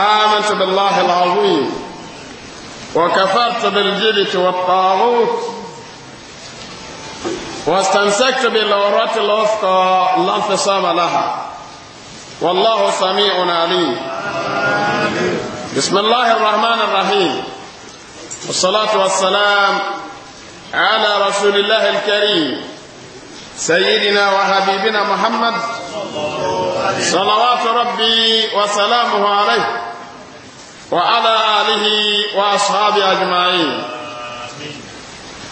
آمنت بالله العظيم وكفرت بالجبت والطاغوت واستمسكت بالعورة الوثقى لا انفصام لها والله سميع عليم بسم الله الرحمن الرحيم والصلاة والسلام على رسول الله الكريم سيدنا وحبيبنا محمد صلوات ربي وسلامه عليه وعلى آله وأصحابه أجمعين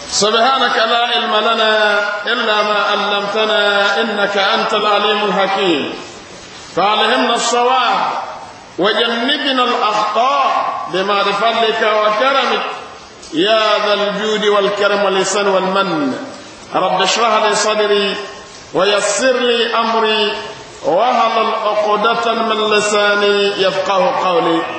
سبحانك لا علم لنا إلا ما علمتنا إنك أنت العليم الحكيم فعلهمنا الصواب وجنبنا الأخطاء بما لفضلك وكرمك يا ذا الجود والكرم واللسان والمن رب اشرح لي صدري ويسر لي أمري وهل العقدة من لساني يفقه قولي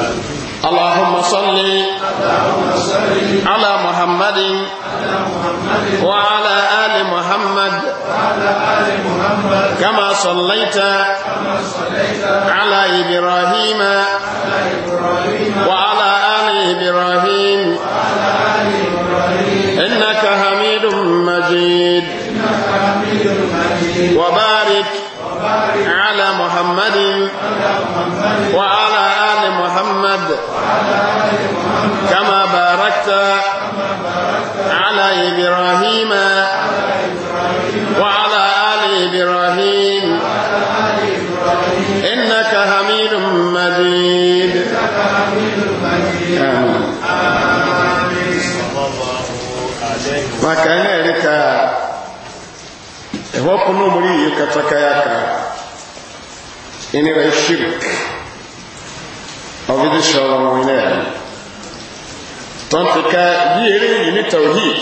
اللهم صل على محمد على محمد وعلى ال محمد وعلى ال محمد كما صليت كما صليت على ابراهيم وعلى ال ابراهيم وعلى ال انك حميد مجيد وبارك على محمد وعلى آل محمد محمد كما باركت على إبراهيم وعلى آل إبراهيم إنك حميد مجيد makaneleka ewakunomuli yekatakayaka إن الشرك ọbídí ṣọ́rọ̀ wọn ilẹ̀ rẹ̀ tó ń ti ká bí eré yìí ní tawhid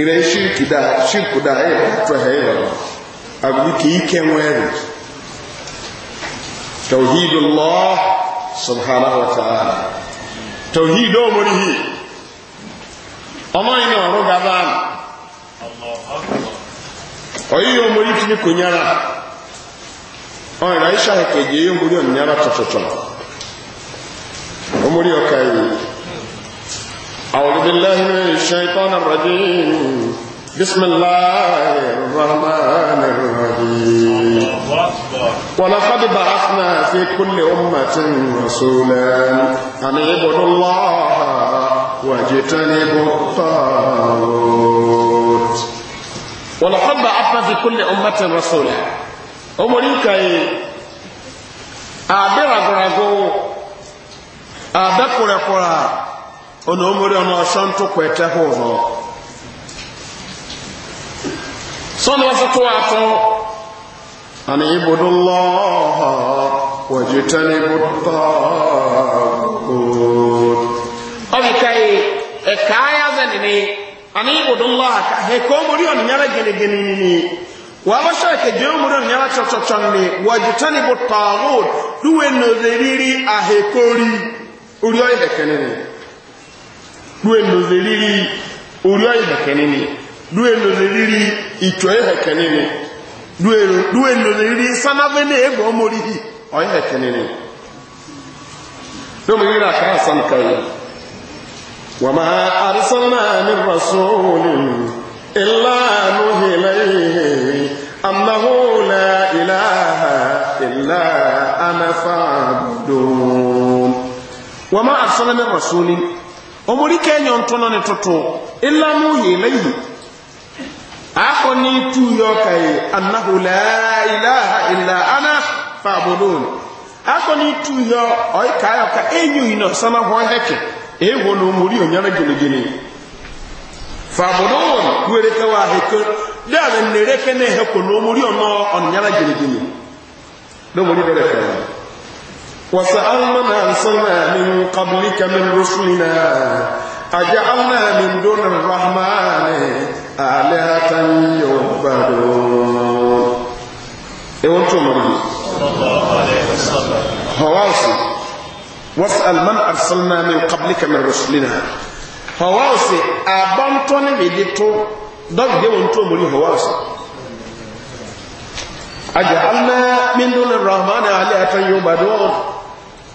ìrẹ̀ ṣírkìdá ṣírkìdá ẹ̀ tó ẹ̀ yọ̀ àbí kì í kẹ́ wọn ẹ̀rù tawhid lọ subhanahu wa ta'ala tawhid ó mọ̀ níhì ọmọ yìí ní ọ̀rọ̀ gàbá ọ̀yí yóò mọ̀ ní kí ní kò nyára ọ̀rọ̀ ìṣàkèjì yóò mọ̀ ní ọ̀nyára tọ̀tọ̀tọ̀ أموري وكاي أعوذ بالله من الشيطان الرجيم بسم الله الرحمن الرحيم ولقد بعثنا في كل أمة رسولا أن اعبدوا الله واجتنبوا الطاغوت ولقد بعثنا في كل أمة رسولا أمريكا أعبر أبرغوا a ọ̀nà omori ọ̀nà ọ̀ṣọ́ ń tókò ẹ̀tẹ́ hù hù sọ́nà wọ́n fún tó wà tó àní ibùdó lọ́ọ̀họ̀ wọ̀jú tẹ́lẹ̀ ibùdó ọ̀bì káyé ẹ̀ka ayá bẹ́ẹ̀ ni aka, ibùdó lọ́ọ̀hà omori ya duwe nozeriri ahekori orí ọ̀yìn bẹ̀kẹ́ nínú lú èlòzè rírí orí ọ̀yìn bẹ̀kẹ́ nínú lú èlòzè rírí ìtò ọ̀yìn bẹ̀kẹ́ nínú lú èlòzè rírí sánáfẹ́lẹ̀ ẹgbẹ̀ ọmọ orí ọ̀yìn bẹ̀kẹ́ nínú ló mú rírí àkáyà sánìkà yìí wà máa àrísán náà ní rasúlù ìlànà ìlẹ́yìn annahu la ilaha illa ana fa'budun wọ́n máa àṣọ́lẹ́ ní rasúlì omori kẹ́nyọ̀ ń tọ́nà ní tuntun ilá mú yìí lẹ́yìn àkọ́ ní tú yọ kàyé anahu láìláha ilá aná fàbọ̀lóòn àkọ́ ní tú yọ ọ̀yí kàyọ̀ ká ẹ̀yìn yìí náà sánà wọ́n hẹ́kẹ̀ èèwọ̀ ní omori ònyàrá gẹ̀lẹ́gẹ̀lẹ́ fàbọ̀lóòn wẹ́rẹ́ kẹwàá hẹ́kẹ́ na nẹ̀rẹ́kẹ́ náà omori وسأل من أرسلنا من قبلك من رسلنا أجعلنا من دون الرحمن آلهة يعبدون إيوان تومري صلى الله عليه وسلم هواوسي واسأل من أرسلنا من قبلك من رسلنا هواوسي أبانتوني بديتو دوك ديوان تومري هواوسي أجعلنا من دون الرحمن آلهة يعبدون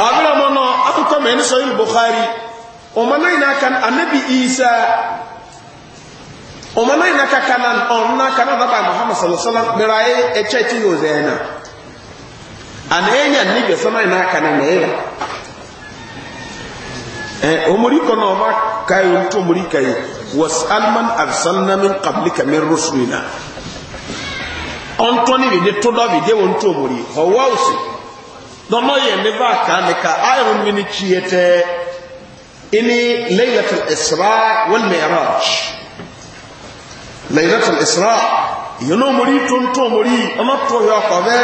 abira mo no akukọ mẹ ní sọyìn bukhari ọmọ náà yìí n'aka anabi isa ọmọ náà yìí n'aka kanan ọmọ náà kanan bàbá muhammad sallallahu alaihi wasallam sallam mẹrẹ ayé ẹkyẹ ti yóò zẹ ẹna ana ẹyẹ yà níbi ẹsẹ náà yìí n'aka na mẹ ẹyẹ ẹ ọmọdé kọ náà ọmọ káyọ ntọ ọmọdé káyọ was alman arsalnami kabili kàmi rusulina ọntọ ni bi de tọdọ bi de wọn ntọ ọmọdé ọwọ ọsùn dɔnɔ yɛ ne ba kan ne ka ayɔn mi ni kyiɛ tɛ ini laylatul isra wal mi'raj laylatul isra yɛn omori tontɔn omori ɔno to yɛ ɔkɔbɛ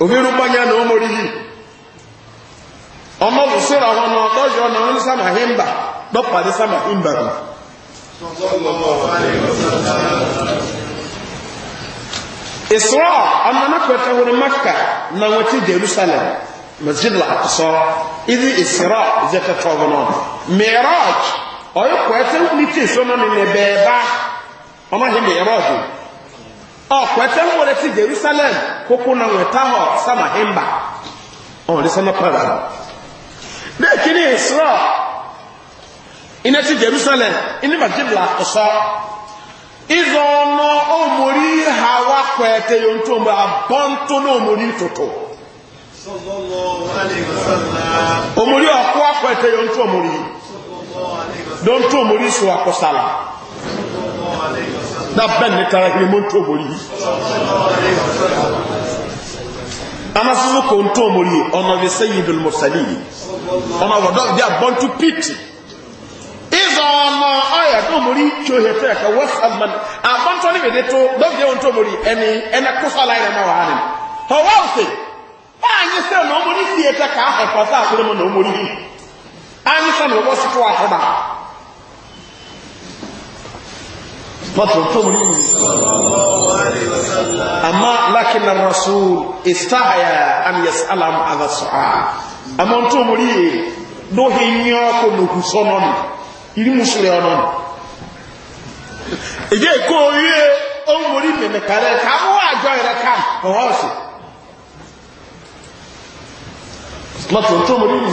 obiru banya na omori yi ɔno wosora hɔ no ɔdɔ yɛ ɔno ɔno sama himba dɔ pade sama himba no. isra na kwata wuri makka na wati jerusalem masjid al-aqsa idi isra zata tobono miraj oy kwata wuri ti so na ni beba ma hi miraj o kwata wuri ti jerusalem koko na wata ho sama himba o oh, ni sama para de kini isra ina ti jerusalem ini masjid al-aqsa ịzọ ọnụ omori ha wakwete ya ntu omori abọ ntụ na omori tụtụ omori ọkụ akwete ya ntu omori na ntu omori so akwụsala na ben netara ihe mo ntu omori anasụzụ ko ntu omori ọnọdụ sayidul mursali ọnọdụ ọdọ dị abọ ntu piti iza ọmọ ọyà tó mori tso he fẹ ka west alman abantɔ ni bèdè tó dɔbi yẹn tó mori ɛni ɛnɛ kóso ala yẹn ma wà hàn ɔwọ́ ɔsè báyìí sẹ na ɔmori si yẹ fẹ ká ɛfɔ sá àkóró mu na ɔmori yi anyi sẹ na ɔwọ́ sotó àkóbá pɔtɔ tó mori yi ama lakina rasul istahaya an yas alam ala sɔha ama tó mori yi dóhi nyɔkó nuhu sɔnɔ mi iri musuli ọ̀nà ìdí èkó orí ohun orí mẹ̀mẹ̀ kàrẹ́ ká mú àjọ ìrẹ́ ká ọ̀họ́ ọ̀sẹ̀ lọ́tọ̀ tó mú rí mi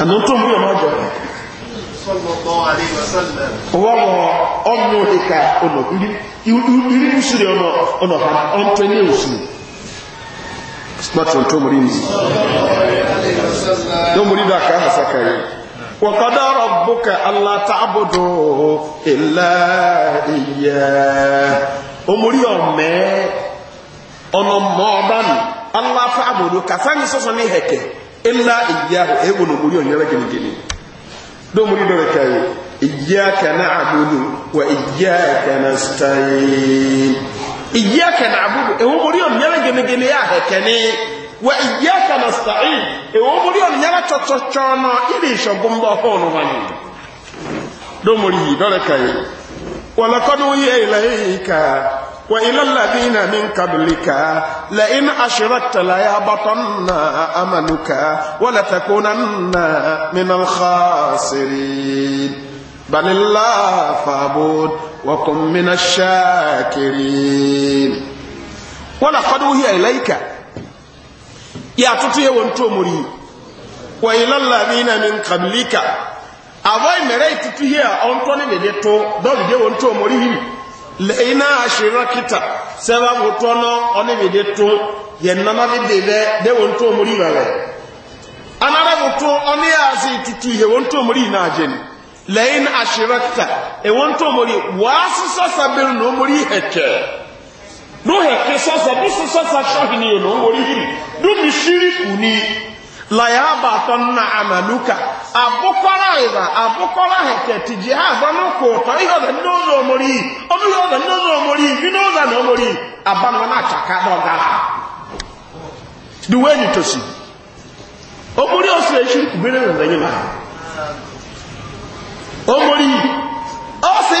àmì tó mú ọmọ àjọ rẹ̀ wọ́n wọ ọmọ iri musuli ọ̀nà ọ̀nà ọ̀nà ọ̀nà tó ní òsì lọ́tọ̀ tó mú don muri da ka hasa kare wa qada rabbuka alla ta'budu illa iyyah o muri o me ono mo ban alla ta'budu ka san so so ni heke illa iyyah e wono muri o nyara gini gini don muri do kai iyyaka na'budu wa iyyaka nasta'in iyyaka na'budu e wo muri o nyara gini gini ya heke ni وإياك نستعين إيومري أن يرى تتشانا إلي إيه شغم بحون واني دومري دولك ولقد وي إليك وإلى الذين من قبلك لئن أشركت ليهبطن أملك ولتكونن من الخاسرين بل الله فابود وكن من الشاكرين ولقد وهي إليك ya tutu ye won to muri wa ila alladhina min qablika awai mere tutu ye on to ne de to do de won to muri hi leina ashrakita seba gotono on ne de to ye nana de de de won to muri ba ba anara goto on ya tutu ye won to muri na je ni leina ashrakita e won to muri wa sisa sabir no muri heke lóhèké sọ́sẹ̀ bí sí sọ́sẹ̀ ṣọ́hì èlò orí yìí dúmi ṣíríkù ni láyàbà tó ń na àmàlúkà àbúkọ́rá ìrà àbúkọ́rá ẹ̀kẹ́ ti jẹ́ àgbọ́nú kò tọ́ ìhọ̀dẹ̀ lóòrò omori olúhọ̀dẹ̀ lóòrò omori ìbínúhọ̀dẹ̀ ọ̀sẹ̀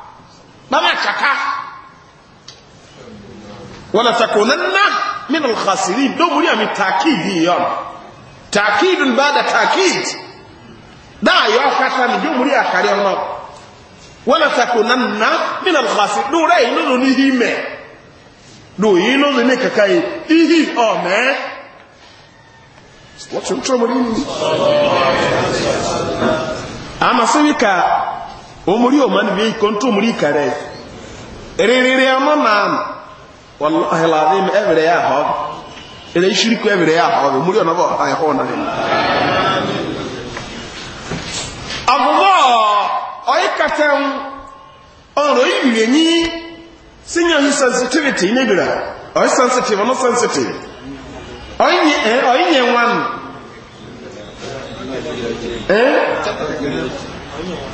bàbá kàkà wọn lè fẹkọọ nínú min alkhasiri dóbúrí àmì takidi yọm takidi bá da takidi dáa yọ kàkà ní dóbúrí àkàrí ọmọ wọn lè fẹkọọ nínú min alkhasiri dóbúrí àyìn lónìí ní hímẹ dòyìn lónìí ní kàkà yìí ihì ọmọ wọ́n tún tún ọmọdé yìí. àmà sí wíkà omuri omani bi kontu omuri kare ririri ano nam wallahi lazim evre ya hob ele shiriku evre ya hob omuri ono bo ay ho na rin abuwa oy katem onro yiyenyi sinya sensitivity ne bira oy sensitive no sensitive oy ni eh, oy ni wan eh?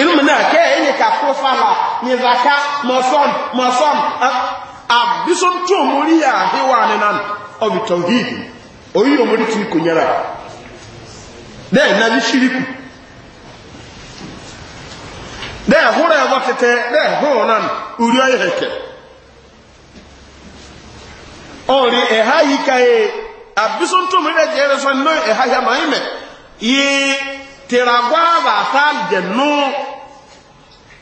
inú mi na kẹ́ ẹ̀yìn kàkó fàlà ní ìzàká mọ̀sán mọ̀sán àbísọ́n tí ò mórí àhíwá nínú ọ̀bì tọ̀hídì orí òmórí tí kò na bẹ́ẹ̀ siriku ní ṣíríkù bẹ́ẹ̀ húrọ̀ ẹ̀wọ́ tẹ́tẹ́ bẹ́ẹ̀ húrọ̀ náà orí ọ̀yẹ̀ hẹ̀kẹ́ ọ̀rẹ́ ẹ̀há yìí káyé àbísọ́n tí ò mórí ẹ̀jẹ̀ rẹ̀ sọ ní ẹ̀há yà máa yìí àbàtà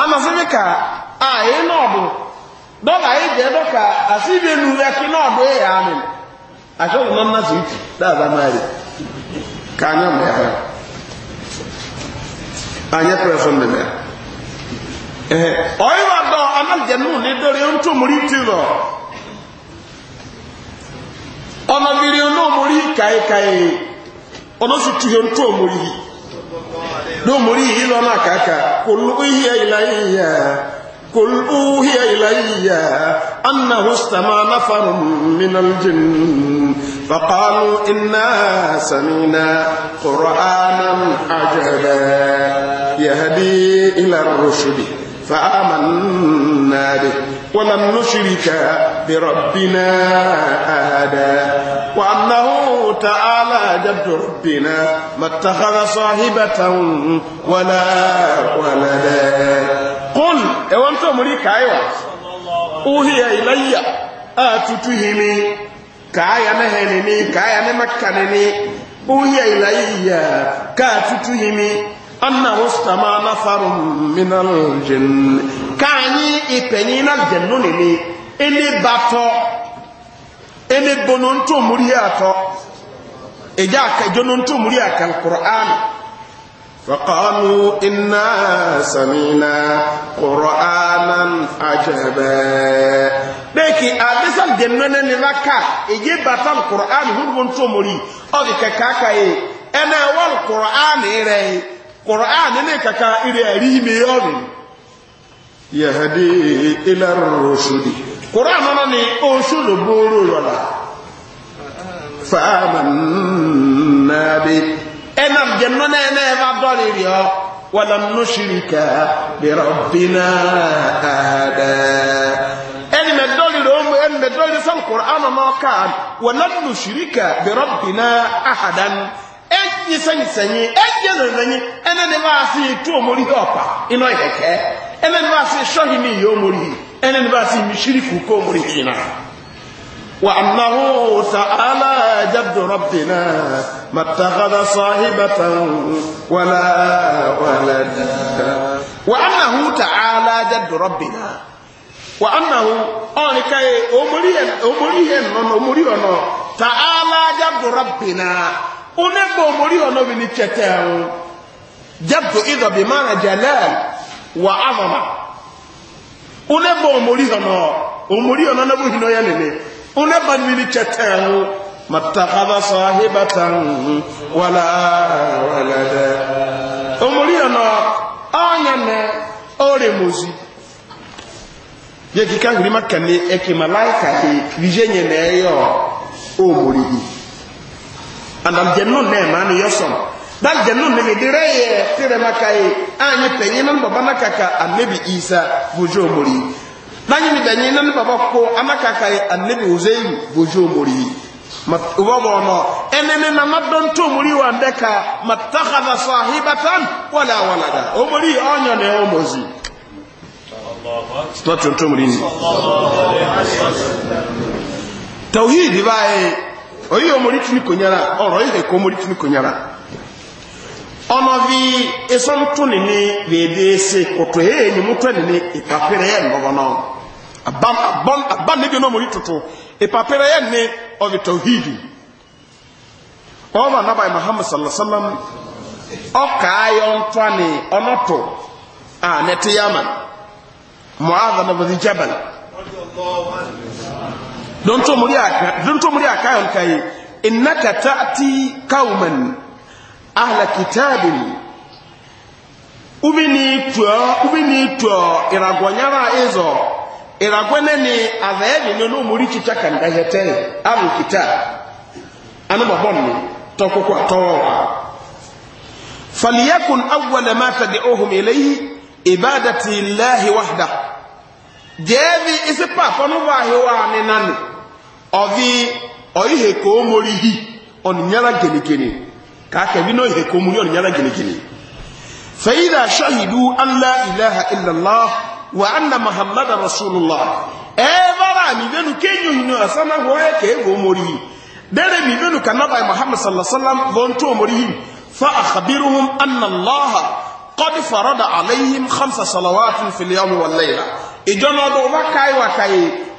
amasịrị ka anyị nọdụ dọla anyị ji edo ka asị ibe n'uwe nọdụ ịya anyị achọghị na mmasị uche daba mari ka anya mụ ya anyị kwere fọ mmemme ee ọyị wa dọ amaljannu ni dori ntụ muri tilo ọnọdiri ọnọ muri kai kai ọ si tuhe ntụ muri دوموري هي لونا كاكا قلبو هي الهي قلبو هي الهي انه استمع نفر من الجن فقالوا انا سمينا قرانا عجبا يهدي الى الرشد فامنا به ولم نشرك بربنا أحدا وأنه تعالى جد ربنا ما اتخذ صاحبة ولا ولدا قل إيه أنتم مليك أيوة أوهي إلي أتتهمي كايا نهلني كايا نمكنني أوهي إلي كاتتهمي أنه استمع نفر من الجن كاني إبنين الجنون لي ene batɔ ene bono ntomori atɔ eja akajono ntomori akal qur'an وقالوا إنا سمينا قرآنا عجبا bẹ́ẹ̀kì àdísàn dẹ̀nẹ́nẹ́ ni lákà èyí bàtà kùrán húrùn tó mọ̀rí ọ̀dì kẹkà kàyé ẹnà wọ́n kùrán rẹ̀ kùrán ní kàkà ìrẹ̀ rí mi ọ̀rìn yẹ̀hẹ́dẹ́ ilẹ̀ rọ̀ṣùdì kòránù náà ni ó ń ṣòro bóró rọ̀lá fàámà nàbí ẹnà jẹ̀nà náà náà bá dọ́rẹ̀ rí ọ wàlá nù ṣìríkà bẹ̀rọ̀ bínà àdá ẹni mẹ́dọ́rẹ̀ rọ̀ mú ẹni mẹ́dọ́rẹ̀ sọ́n kòránù náà ká wàlá nù ṣìríkà bẹ̀rọ̀ bínà àhàdán ẹ̀yìn sẹ́yìn sẹ́yìn ẹ̀yìn lẹ́yìn ẹni ni wọ́n á sì tó omori ọ̀pá iná ìkẹ́kẹ́ ẹni ni wọ́n á sì ṣọ́hìn ní ìyó omori yìí ẹni ní bá sì mi ṣíríkù kó múrí ìnà wà náà tààlà jábdò rọ́bìnà màtàkàdà sọ́hìbàtàn wàlá wàlá dìda wà náà tààlà jábdò rọ́bìnà wà náà ọ̀rìn káyé omori yẹn nọ́nà omori ọ̀nà tààlà jábdò rọ́bìnà onígbà omori ọ̀nà obìnrin tẹ̀tẹ̀ ọ̀hún jábdò ìdọ̀bì márùn-ún jẹ̀lẹ́ wà áfọ̀mà uneba omori hono omori hono na bu hino ya nene uneba nini chetengu matakadha sahibatan wala walada omori hono anyane ore mozi yeki kangri makane eki malaika he vijenye neyo omori hi and aljannu ne mani yosom dagye no ne medere yɛ tere makae a nye panyin no ne baba makaka anabi isa bojo omori na nye medanyin no ne baba ko amakakae anabi ozeyu bojo omori wọ́wọ́ nọ ẹnẹni na madọ́ntó omori wa ndẹ́ka matakada sahibatan wala walada omori ọnyọ ne ẹ ọmọzi lọ́tún tó omori ni tawhid báyìí oyi omori tuni konyara ọ̀rọ̀ ihe kọ omori konyara ọmọ vi ni ni mu tó nìní ìpapẹrẹ yẹn lọwọ náà abam abam abam níbi náà mo yí tuntun ìpapẹrẹ yẹn ni ọbi tawhidi ọba anabai muhammad sallallahu alaihi wa sallam ọkà ayọ ntwani ọnọtọ a nẹtẹ yamma aka na aka ahla kitabin ubini tuo ubini tuo iragonyara izo iragwene ni adhaeli ni no muri kitaka ndahete ahla kitab ana babonni tokoko atowa falyakun awwala ma tad'uhum ilayhi ibadati llahi wahda jeevi isipa fonu vahiwa ni nani ovi oihe ko morihi on nyara genigeni kaka bi no ihe ko mu yon nyala gine gine fa idha shahidu an la ilaha illa allah wa anna muhammadar rasulullah e bara mi benu kenyo hino asana ho e ke go mori dere mi benu kanaba muhammad sallallahu alaihi wasallam bon to mori fa akhbiruhum anna allah قد فرض عليهم خمس صلوات في اليوم والليله اجنا دو وكاي وكاي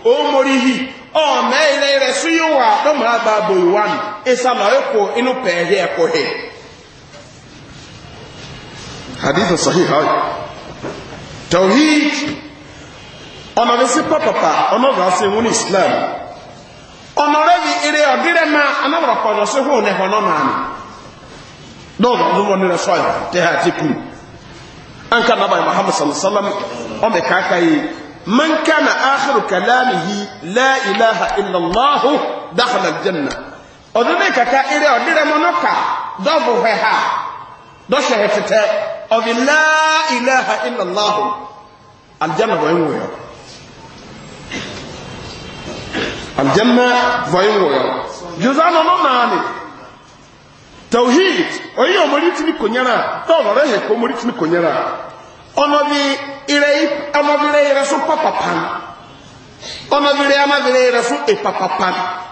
او مريحي او ما الى رسول الله دم بابو 1 isamare ko inu pɛɛhɛ ɛkɔ hɛ hadith sahih ayi tawhid ɔnɔdesi pɔpɔpa ɔnɔdasi wuni islam ɔnɔdɛbi ire ɔdirɛ ma anabra kɔdɔsi hu ne hɔnɔ maami dɔwɔdɔ ɔdunbɔ nira sɔɔ yi tɛhɛ ati kum an ka naba muhammad sallallahu alaihi wa sallam ɔmɛ kaka yi man kana akhiru kalamihi la ilaha illallah dakhala aljanna ọdún ní kẹta eré ọdírẹ mọnọkà dọbù hẹha dọṣẹ hẹtẹtẹ ọbí láìláha ìlàláhù aljanna bọyìn wòyọ aljanna bọyìn wòyọ jùzánà ọmọ nàánì tawhid oyin omori tini konyara tọọrọ rẹ hẹ kó omori tini konyara ọmọbi ire ọmọbi ire yẹrẹ so papapan ọmọbi ire amabire yẹrẹ so epapapan.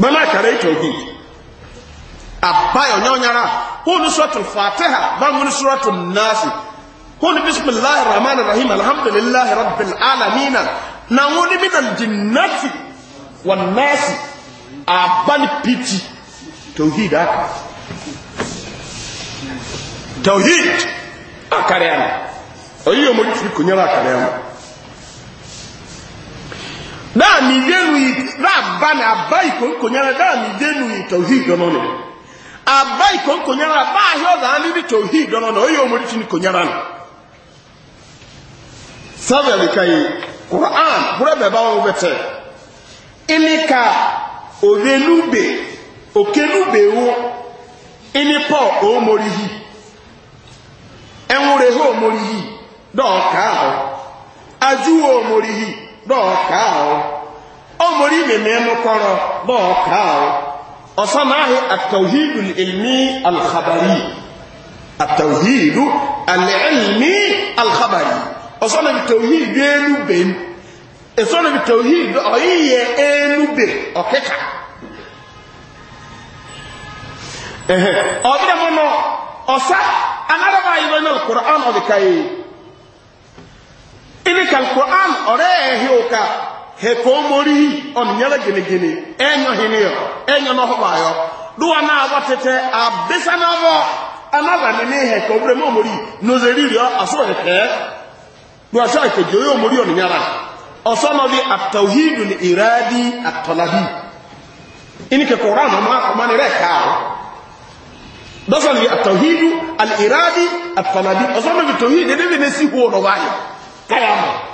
bẹ́ẹ̀ kare ito bi òbí àbáyọ̀ nyọ́nyára hún ní sọ́tù fàtẹ́hà bá mú ní sọ́tù náàsì hún ní bisimilahi rahman rahim alhamdulillah rabbil alamin na hún ní minal jinnati wa náàsì àbáni pìtì tòhíd aka tauhid akari ah, oyo oyi yóò mọ̀ ní fi kò nyẹ́rọ akari ni abai konkonyara daa mi denu yi tawhid dɔnɔ ni abai konkonyara baa yɔ daa mi bi tawhid dɔnɔ ni o yi omori ti ni konyara ni sábẹ̀lì ka yi quran búrẹ́ bẹ̀ bá wọn bẹ̀ tẹ̀ ẹni ka òrenúbe òkenúbe wo ẹni hi òmori yìí ẹnwúre hó òmori yìí dọ̀ọ̀ká ọ̀ ajú òmori yìí dọ̀ọ̀ká ọ̀. ọmọrí mẹ́mẹ́ mú kọ́rọ̀ bọ́ọ̀ káàrọ̀ ọ̀sánmáhì àtàwhìdù ilmi alkhabari àtàwhìdù alẹ́ẹ̀lmi alkhabari ọ̀sánàbí tàwhìdù ẹnubẹ̀ ẹ̀sánàbí tàwhìdù ọ̀yíyẹ ẹnubẹ̀ ọ̀kẹ́kà ọ̀bẹ̀mọ́nà ọ̀sá anáraba ìwé náà kùrán ọ̀dẹ̀kayé ilé kàlùkùrán ọ̀rẹ́ ẹ̀hí òkà heko mori on e nyala gine gine enyo hinio enyo no ho bayo duwa na awatete abesa na bo anaba ne ne heko bre mo mori no zeriri aso heke duwa sha ke joyo mori on nyala oso no bi at-tauhidul iradi at-talabi ini ke qur'an ma ma ne reka dosa ni at iradi at-talabi no bi tauhid ne ne si ho no bayo kayama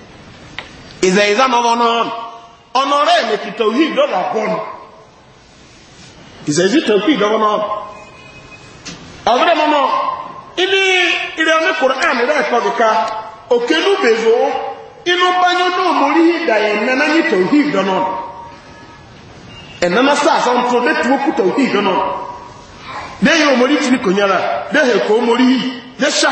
ìzẹ̀ ìzá nọ́wọ́ náà ọ̀nà rẹ̀ mẹ́kì tọ̀hí ìdọ́dà pọ̀nù ìzẹ̀ ìzí tọ̀hí ìdọ́wọ́ náà ọ̀rẹ́ mọ́mọ́ ilé ilé ọmọ kùrán rẹ̀ ẹ̀kọ́ kíkà òkè ló bèzò inú bányọ́ náà mo rí ìdà ẹ̀nẹ́ná ní tọ̀hí ìdọ́nà ẹ̀nẹ́ná sáàsán tó dé tó kú tọ̀hí ìdọ́nà dẹ́yìn omori tìrì kò nyára dẹ́hẹ̀ kò omori yìí dẹ́ sáà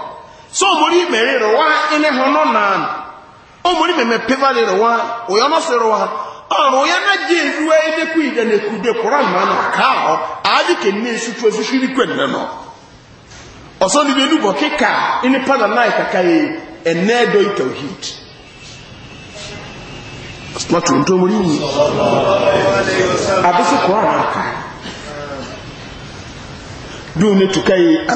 so omori mere rụwa ine hụ nọ na omori meme rụwa onye ọnọ rụwa ọrụ onye na ji eruwe edekwu ide na ekude kwụra mma na ahụ adị ka nne esutu esuchiri kwenne nọ ọsọ ndị dị ụbọ kịka ini pada ene edo omori na aka dum ne tuka ya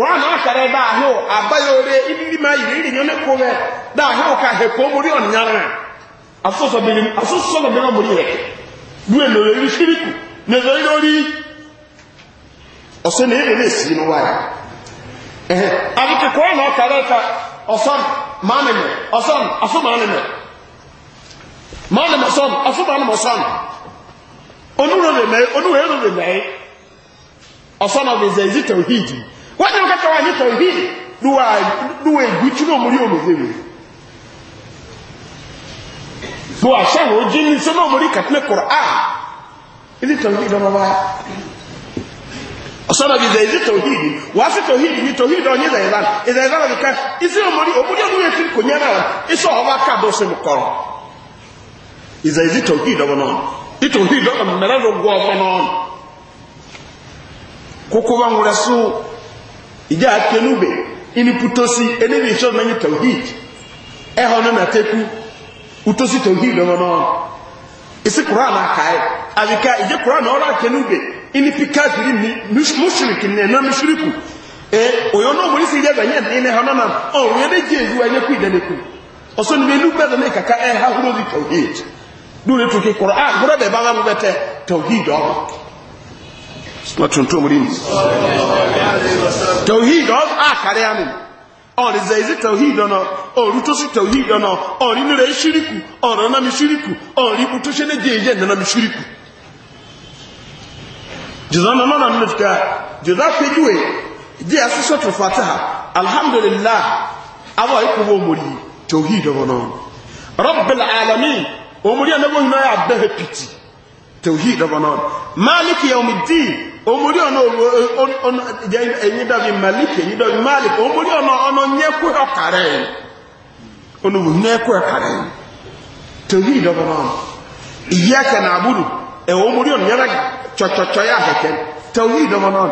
kùránù àkàrẹ dáhìó àbáyọrẹ ibi máa yìí rírì yọ nípò rẹ ahụ ka hẹkọ mórí ọ̀nìyàn rẹ asọ́sọ́bìnrin náà mórí rẹ dúró lórí orí ṣíríkù nìzọ́rí lórí ọ̀sẹ̀ ní èrè sí ka ọ̀sán mánìmẹ̀ ọ̀sán asọ́mánìmẹ̀ mánìmẹ̀ ọ̀sán asọ́mánìmẹ̀ onu wọ́n ti ń kẹ́kẹ́ wá ní tọ̀hí lúwà ìgbú tí ló mórí òmìnirí bó àṣẹ́wò ojú ní sọ́nà mórí kàtílẹ̀ kọ̀rọ̀ á ilé tọ̀hí lọ́wọ́wá ọ̀sọ́nà bí ìdẹ̀ ìdí tọ̀hí wà sí tọ̀hí ní tọ̀hí lọ ní ìdẹ̀ ìlànà ìdẹ̀ ìlànà bí ká isi òmórí òmórí òmórí ètí kò ní ẹ̀rọ iṣẹ́ ọba káàbọ̀ sí mi kọ̀rọ̀ ìdẹ̀ kókó bá ń wúra sóò ìjà àtẹnubè ìniputosi eléyìí ìṣọ́ mẹ́yìn tawhid ẹ̀họ́ ní nàtẹ́kù utosi tawhid ọmọ náà ìsì quran àkàyè àbíká ìjẹ́ quran ọ̀rọ̀ àtẹnubè ìnipika ziri mùsùlùmí ní ẹ̀nà mùsùlùmí ẹ̀ òyìn náà e ìjẹ́ bẹ̀yẹ̀ ní ẹ̀họ́ náà na yẹn méjì èyí wọ ẹ̀yẹ́kù ìdẹ́nẹ́kù ọ̀sọ́ ni bẹ́ẹ̀ lúgbẹ́dẹ̀ ní ọ̀rọ̀ suna tuntun muri ne tauhid a kare ya nini ọ̀rì zẹ̀ẹ́zẹ́ tauhid ọ̀nà ọ̀rù tó sí tauhid ọ̀nà ọ̀rì nílẹ̀ ṣíríkù ọ̀rọ̀ náà mi ṣíríkù ọ̀rì ikú tó ṣe ní jẹ́ ìyẹ́ náà mi ṣíríkù jùzọ́ náà náà nínú fìkà jùzọ́ péjúwe jẹ́ àṣìṣọ́ tó fàtà alhamdulillah awọ ikú wo mori tauhid ọ̀nà rọ́bìlà alamin òmùrí ẹ̀ tawhid of anon maliki yawmiddin omori ona ona enyi da bi malik enyi da bi malik omori ona ona nye ku okare onu wu nye ku okare tawhid of anon iyyaka na'budu e omori ona nyara cho cho cho ya heken tawhid of anon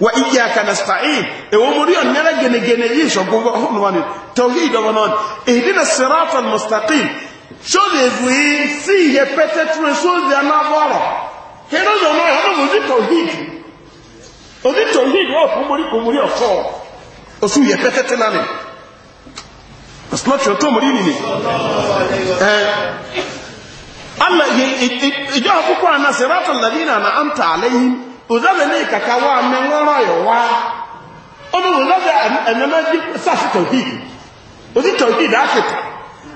wa iyyaka nasta'in e omori ona nyara gene gene yi so go hono wani tawhid of anon ihdina siratal mustaqim sóde ègùn yìí sí ìyẹ pẹ́tẹ́ túnrẹ sóde anábọ́rọ̀ kẹ́rọ yọ náà yọ náà òdì tòhíd òdì tòhíd wọ́n fún mórí kò mórí ọ̀fọ́ òsù ìyẹ pẹ́tẹ́ tẹ́ náà ni ọ̀sùlọ́tì ọ̀tọ́ e nìyí ẹ ala ìjọ àkókò àná sèrátà làdínà àná àǹtà àlẹ́yìn òdàbẹ̀ ní wa mẹ́wọ́rọ̀ yọ̀ wá ọmọ òdàbẹ̀ ẹ̀nẹ́mẹ́jì sáfì tòhíd òdì tòhíd áfíkà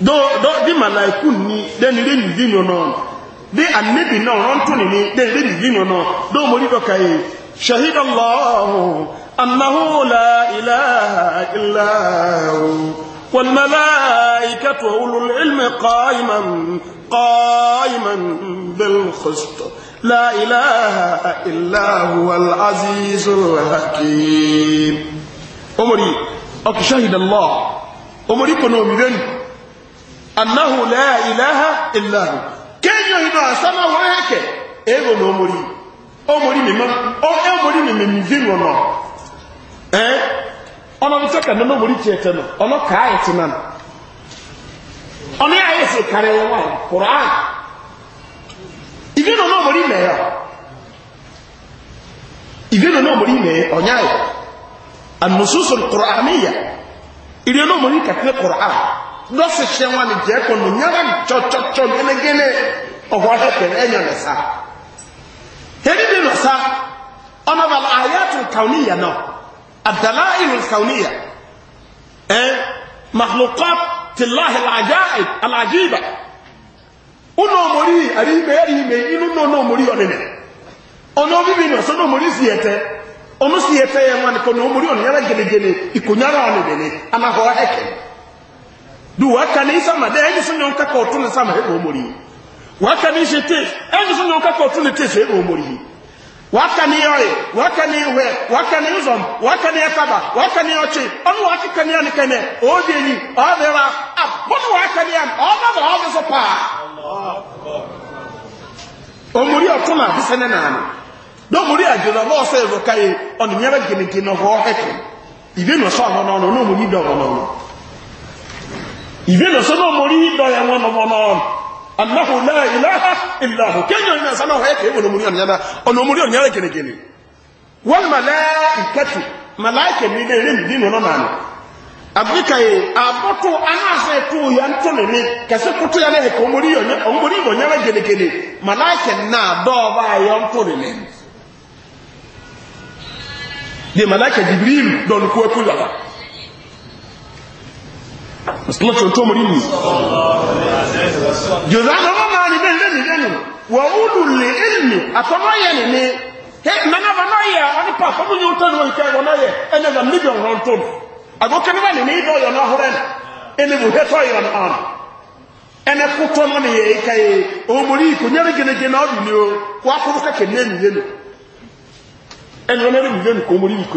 do do di malaiku ni den re ni dino no di annabi no ron tun ni den re ni dino no do mori do kai shahid allah annahu la ilaha illa hu wal malaikatu ulul ilmi qa'iman قائما بالخسط لا إله إلا هو العزيز الحكيم أمري أكشهد الله أمري كنومي ذنب annahu la ilaha illa hu kenyo hino asama weke ego no omori omori mi ma o omori mi mi vingo no eh ono bitaka no omori chete no ono ka ayete na no ono aye se kare ye wa qur'an ibino no النصوص القرآنية dɔsi hyɛ wa ni jɛ kɔnɔ nyara tsɔtsɔtsɔ gɛnɛgɛnɛ ɔwɔ hɛpɛ ɛnyɔ lɛ sa hɛri bi lɛ sa ɔnaba ayatu kawniya nɔ adala ilu kawniya ɛn e, mahlukat tilahi alajayi alajiba Unu omori ari ime ari ime inu ɔnene sɔ si si yɛ wani gɛnɛgɛnɛ ikonyara anahɔ hɛkɛ. du wakani ni sama de enyi sunyon ka ko tun sama he bo mori waka ni jete enyi sunyon ka ko tun te se bo mori waka ni yoy waka ni we waka ni uzom waka ni akaba waka ni ochi onu waka kani ani kene o de ni o de ra abon waka ni am o ba o de so pa o mori o tun abi sene na ni do mori ajo lo bo se ro kai oni nyaba gemi no ho he ibe no so no no no no mori do no no ìbéèrè sọ́nà mo rí dọ̀yà wọn ọmọ náà annahu la ilaha illahu kéèyàn ní asánà ọ̀hẹ́ kéèyàn ọ̀nà omúrí ọ̀nìyàrá ọ̀nà omúrí ọ̀nìyàrá kìnnìkìnnì wọ́n màláìkẹ́tù màláìkẹ́ mi lè rí mi dínú náà nù abdikaye aboto anase tu ya ntone ni kase kutu ya lehe komori yo omori yo nyala gele gele malaike na do ba ya ntone ni de malaike jibril don ku ku ya masalati o tomori ni jòzá lọ́wọ́ máa ní bẹ́ẹ̀ lẹ́nu lẹ́nu wà úlù lè ilmi àtọ́nọ́yẹ ni ni nana ba náà yẹ wọn pa àtọ́nú yóò tẹ́ ní wọn kẹ́ wọn náà yẹ ẹnẹ gà ni ní ìdọ̀ yọ̀ náà hórẹ́ ni ẹni bò hẹ́tọ́ yọ̀ náà ẹnẹ kú tọ́ náà ni yẹ ika yẹ òmòrí kò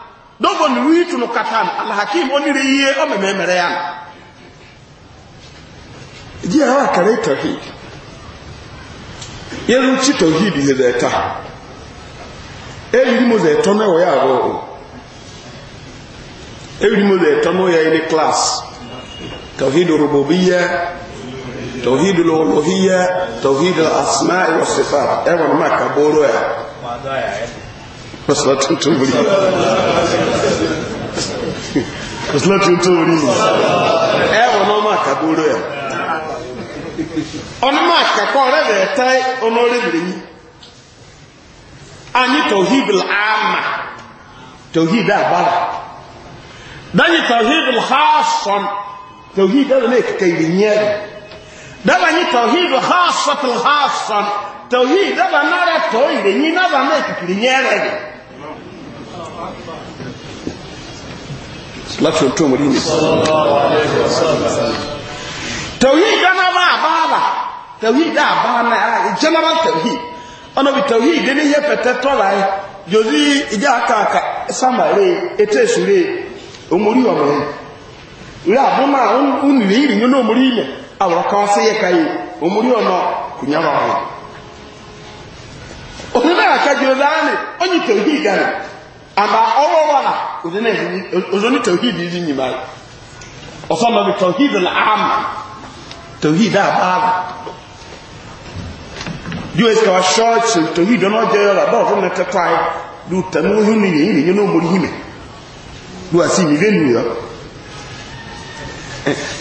dɔbɔ ne wiitu no katan alahakim ɔnere yie ɔmɛmɛmɛrɛ ya no gye a akara tɔhid yɛno nkyi tɔhid ne dɛ ta ɛwiri e mu dɛ tɔ no ɛwɔ yɛ abɔɔ ɛwiri e mu dɛ tɔ no yɛ ne class tɔhid rububiyya tɔhid lɔlɔhiyya tɔhid asmaa ɛwɔ sifat ɛwɔ e no ma kaboro ya ọ̀sán tuntun wòlí ọ̀sán tuntun wòlí ẹwọ̀n náà máa kàdúró ẹ̀ ọ̀nà máa kàkọ́ rẹ̀ rẹ̀ tẹ́ ọ̀nà orílẹ̀ yìí anyị tauhid al'amma tauhid abara danyi tauhid al-khassan tauhid al-nektairiyar daba anyị tauhid al-khassat al-khassan tauhid daba nara tauhid yi naba nektairiyar láti otu ọmọdé ime tawhid dáná bá àbáàbà tawhid dá àbáàbà general tawhid ọ̀nà bí tawhid ní yẹ pẹ̀tẹ́ tọ́ra ẹ yòzí ìjà àkàkà aka rẹ ètò èsù rẹ omori ọmọ rẹ rẹ àbúmọ ọsị ya omori na àmà ọwọ́ wà nà òzòní tòhídì yìí nyìmá yìí ọ̀sán lọ́bi tòhídì làámà tòhídì àbáàbà bí wọ́n ti kà wá ṣọ́ọ̀ṣì tòhídì ọ̀nà ọjọ́ yọ̀rọ̀ bọ́ọ̀ fún mi tẹ́tọ́ ayé ló tẹ̀mú hí mi yẹ̀yìn nìyẹn ló Do hí mi ló wà sí ìmìlẹ̀ nìyẹn yọ.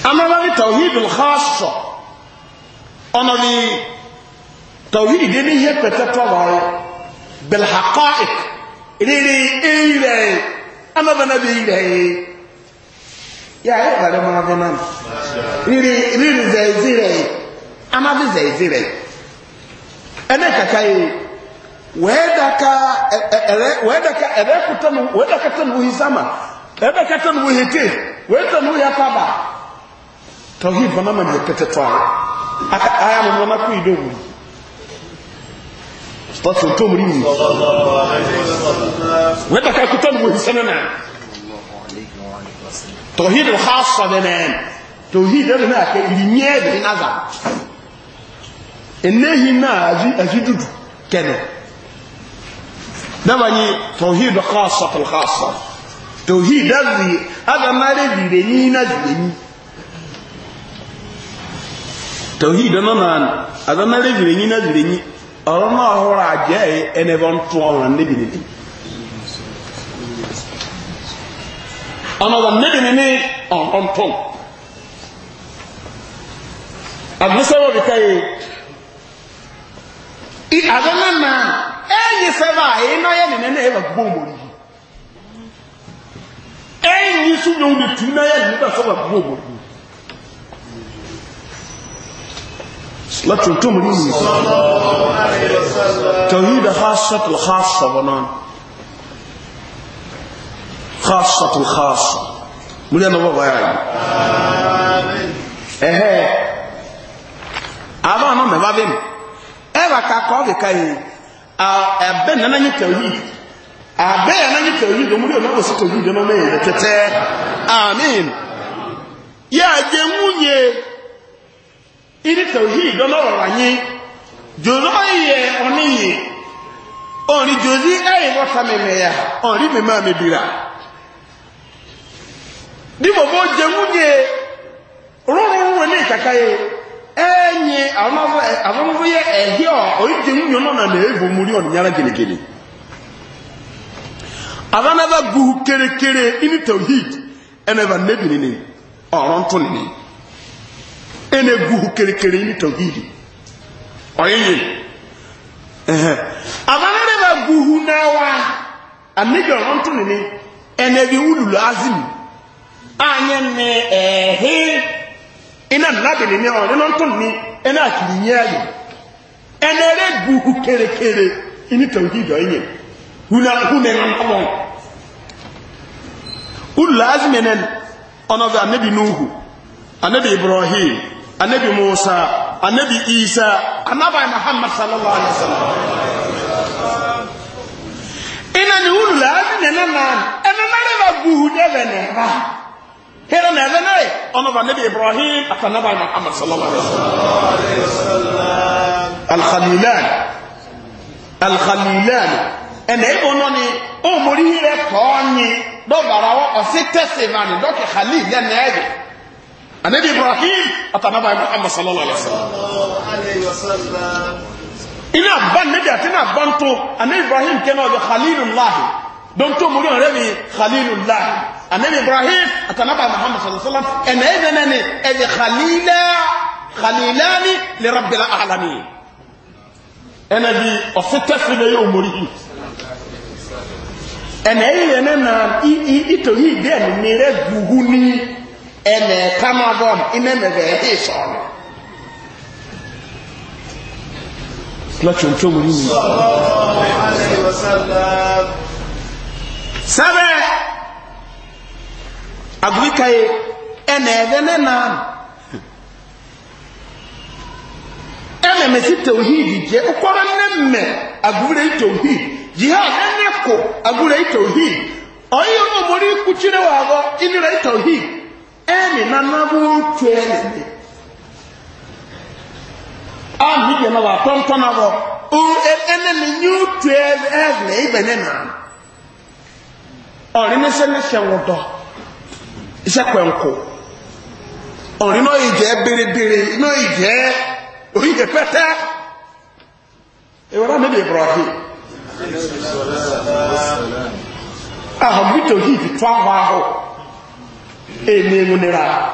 àmà lọ́bi tòhídì làásọ̀ ọ̀nà bi tòhídì dé ní yẹ pẹ̀tẹ́tọ́ wọ̀ bẹ̀lẹ̀ riri eire amabana beire ya ya bare ma be nan riri riri zaizire amabi zaizire ene kakai wedaka wedaka ebe kutanu wedaka tanu uhisama ebe katanu uhite wedanu yakaba tohi bana man yakete twa aya mo na ku idogu tọ́sí tó mú rí mi wọ́n tàkà kú tọ́lù wọ́n sẹ́nà náà tọ̀hí lè ha sọ bẹ̀rẹ̀ tọ̀hí lẹ́nu náà kẹ ìrìnyẹ́ ẹ̀dẹ̀ náà eléyìí náà àfi dúdú kẹ́nẹ̀ dábàá ní tọ̀hí lè ha sọ pẹ̀lú ha sọ tọ̀hí lẹ́nu agamare lìrè ní iná lìrè ní tọ̀hí lẹ́nu náà agamare lìrè ní iná lìrè ní ọ̀rọ̀ náà hụrụ àjẹ́ ẹnẹ́bọ̀ ń tún ọ̀rọ̀ níbi nìbi ọ̀nàdà níbi nìbi ọ̀ntún àbúsẹ́wọ̀ bìkà yìí àbẹ́ mẹ́mà ẹ̀yìn sẹ́fà èyí náà yẹ́ nìyẹn náà yẹ́bà gbogbo òmò yìí ẹ̀yìn sùgbọ́n mi tù náà yẹ́ nìyẹn náà sọ́fà gbogbo òmò yìí láti tó mú yìí tàwídà hásàtàl hásà wọnán hásàtàl hásà múlẹ̀ na wọ́n báyà yìí ẹ̀hẹ́ àbáwọn mẹ́wà bí mi ẹ̀rọ kakọ́ kíkà yìí ẹ̀bẹ́ nana yìí tàwíd àbẹ́ yẹn náà yìí tàwíd omúlẹ̀ náà wọ́n sì tàwíd náà mẹ́yìn tẹ́tẹ́ amín yẹ́ àjẹmúnyẹ́ iri tawhid ọlọ́rọ̀ wáyé jòzó yẹ ọ̀níyè ọ̀rí jòzí ẹ̀yìn wọ́ta mẹ́mẹ́ ya ọ̀rí mẹ́mẹ́ mẹ́bìrà dìbò bó jẹ múnyẹ rúrúrú wẹ ní ìkàkà yẹ ẹ̀yìn àwọn yẹ ẹ̀hí ọ̀ orí jẹ múnyẹ náà nà èèbò múrí ọ̀nìyàrá gẹ̀lẹ̀gẹ̀lẹ̀ àwọn ene guhu kerekere ni tauhidi oyiyi ehe ba guhu nawa anege onto ni ene ululu azim anye ne ehe ina nabi ni o ni onto ni ene guhu kerekere ni hune na ululu azim ene ono ba nabi nuhu anabi ibrahim annabi musa annabi isa annabi muhammad sallallahu alaihi wasallam ina ni hulu la ni nana nan ena na le ba guhu de be ne ba hera na be ne ono ba nabi ibrahim ata nabi muhammad sallallahu alaihi wasallam al khalilan al khalilan ena e ni o mori hira ko ni do bara o se tese ba ni do ke khalil ya ne anabi ibrahim atanaba muhammad sallallahu alaihi wasallam ina ban nabi ati na ban to anabi ibrahim kena ojo khalilullah don to muri ore mi khalilullah anabi ibrahim atanaba muhammad sallallahu alaihi wasallam ena ebe ne ebe khalila khalilani li rabbil alamin ena bi ofitafi ne yo muri ena ebe ne na i i itoyi de ni re gugu ni ɛnɛ kama bɔm ɛnɛmɛbɛ ɛhe sɔɔno lɔtwɔntwɔn mu nini sɛbɛ agurika yi ɛnɛ ɛbɛ ne nan ɛnɛ mɛ si tewhidi jɛ ɔkɔrɔ ne mɛ agurika yi tewhidi jihad ɛnɛ ko agurika yi ɔmɔ inira yi ɛni nanabu twɛni e ami yɛ na wa tɔntɔn abɔ o ɛnɛ ni nyu twɛni ɛni ibɛ ne na ɔri ne sɛ ne hyɛ wotɔ sɛ kɔnko ɔri n'oyi jɛ n'oyi jɛ oyi jɛ pɛtɛ ewura mi de yi tɔ ahɔ èmi ẹnu nira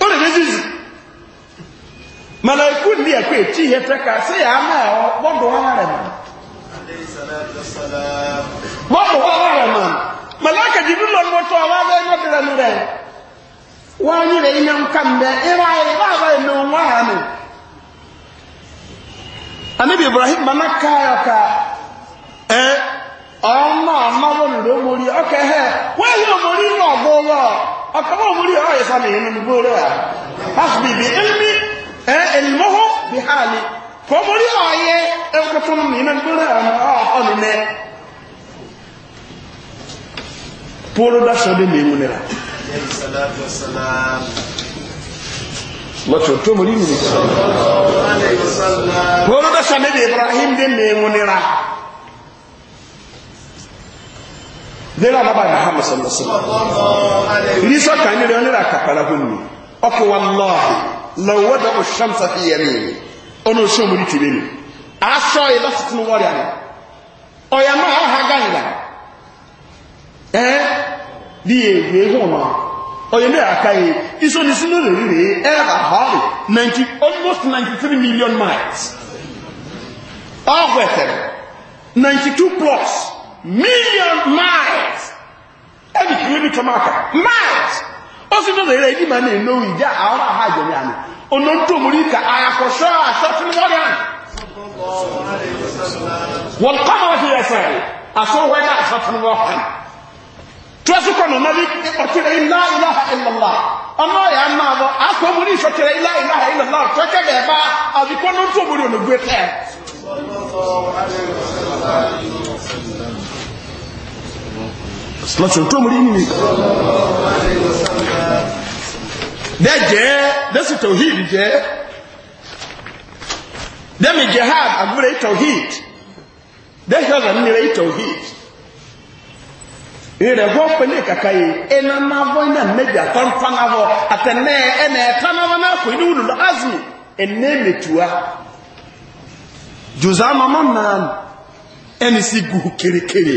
ó lè jésù mọ̀nà ikú ní ẹ̀kọ́ ètí ìyẹn tẹ́ka sí àmà ọ̀ gbọ́dọ̀ wá rẹ̀ mọ̀ gbọ́dọ̀ wá rẹ̀ mọ̀ mọ̀láka jìbí lọ lọ́tọ̀ wá bẹ́ẹ̀ ní ọ̀dẹ̀rẹ̀ mi rẹ̀ wọ́n ní Wanyi iná Ina kà ibrahim mana káyọ̀ ka. ẹ́ ọ̀nà àmọ́rọ̀ nìdó mórí ọkẹ̀ ẹ̀ wọ́n yíò mórí ní ọgbọ́ọ̀lọ́ ọkọ̀wọ́ mórí ọ̀rọ̀ ìsàmì inú gbogbo rẹ̀ hasbi bi ilmi ẹ ilmohu bi hali kò mórí ọ̀yẹ ẹkùtùn inú gbogbo rẹ̀ ọ̀nìyàn polo dasọ̀dé ní ìmú nira lọ́tọ̀ tó mórí nìyí polo dasọ̀dé ní ibrahim dé ní ìmú nira dera anaba muhammad sallallahu alaihi irisa kan ni ni akapara hunu oke wallahi law wada ash-shamsa fi yamini ono so muri tibeni aso ila fitun wari ani oya ma ha ganga eh di ewe hono oya me akai iso ni sinu re re e ba ha 90 almost 93 million miles Ogwetere 92 plus million miles every kilometer marker miles ó sì tó lèrè ìdí màá ní ìlú ìjà àwọn àhà ìjẹ̀lẹ̀ àná ọ̀nà tó mú ríka àyàkọ̀ṣọ́ àṣọ́tún lọ́dà wọ́n kọ́ máa fi ẹsẹ̀ àṣọwọ́ ẹ̀dá àṣọ́tún lọ́dà tíwáṣí kọ́nà náà ní ọ̀tẹ̀rẹ̀ ilá ìláha ìlọ́lá ọmọ ìyá máa bọ̀ àpò mú ní ìṣọ̀tẹ̀rẹ̀ ilá ìláha ìlọ́lá tọ́kẹ́ bẹ̀ẹ́ bá àbíkọ́ ló ń tó mú ní ònà gbé tẹ́ slashin tó múrí nìyí dẹ́jẹ́ dẹ́sì tawhid jẹ́ dẹ́mi jihad agbúrẹ́ tawhid dẹ́hẹ́rẹ́ nílẹ̀ tawhid ìrẹ̀ pẹ̀lú kàkà yìí ẹ̀nà máa bọ́ iná méjì àtọ́nfánavọ́ àtẹ̀nẹ́ ẹ̀nà ẹ̀tánavọ́ náà kò inú lùlọ azmi ẹ̀nẹ́ mẹ̀tùwá jùzá mamman náà ẹni sí gùn kérékéré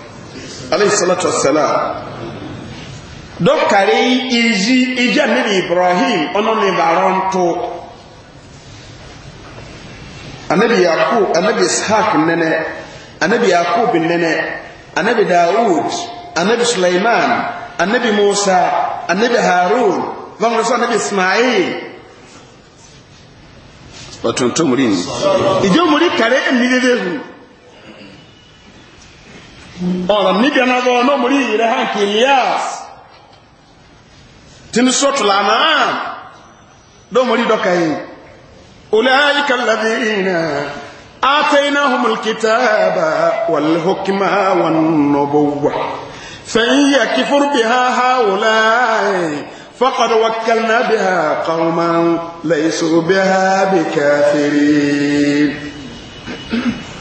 alayhi salatu wassalam dɔkari izi ija nini ibrahim ɔno ne baron to anabi yakub anabi ishaq nene anabi yakub nene anabi daud anabi suleiman anabi musa anabi harun vangolo so anabi ismail watontomulini ijo muri kare emirerehu ọ̀rọ̀ níbi ẹ̀nà bọ̀ ọ̀nà òmùrí rẹ̀ hàn kì í yá tí ní sọ́tù lànà lọ́mùrí dọ́kà yìí olè ayíkà lẹ́bí iná àtẹ́yìnà humulkita bá wàlúhókìmá wọn nọ́bọ̀ wà fẹ̀yìn yẹ kí fúrú bí ha ha wùlá فقد وكلنا بها قوما ليسوا بها بكافرين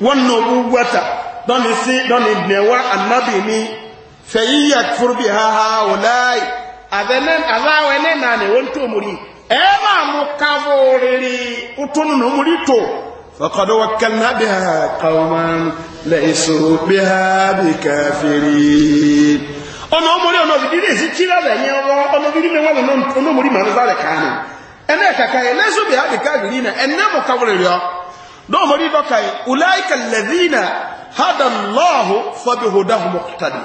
wannan abubuwata don isi don ibnewa annabi ni fayiyyar furbi ha ha wulai azawe ne na ne wanto muri ẹba mu kafo riri utunu na muri to فقد وكلنا بها قوما ليسوا بها بكافرين ọmọ ọmọdé ọmọ òbí dídé sí tíra lẹ́yìn òbí dídé wọn lọ́nà ọmọ òbí màá lọ́sàrẹ̀ kàánì ẹnẹ́ kàkà ẹ̀ lẹ́sùn bíi ọ́ dɔw mɔri dɔ ka ye ulaika ladina hada allahu fabihudahu muqtadi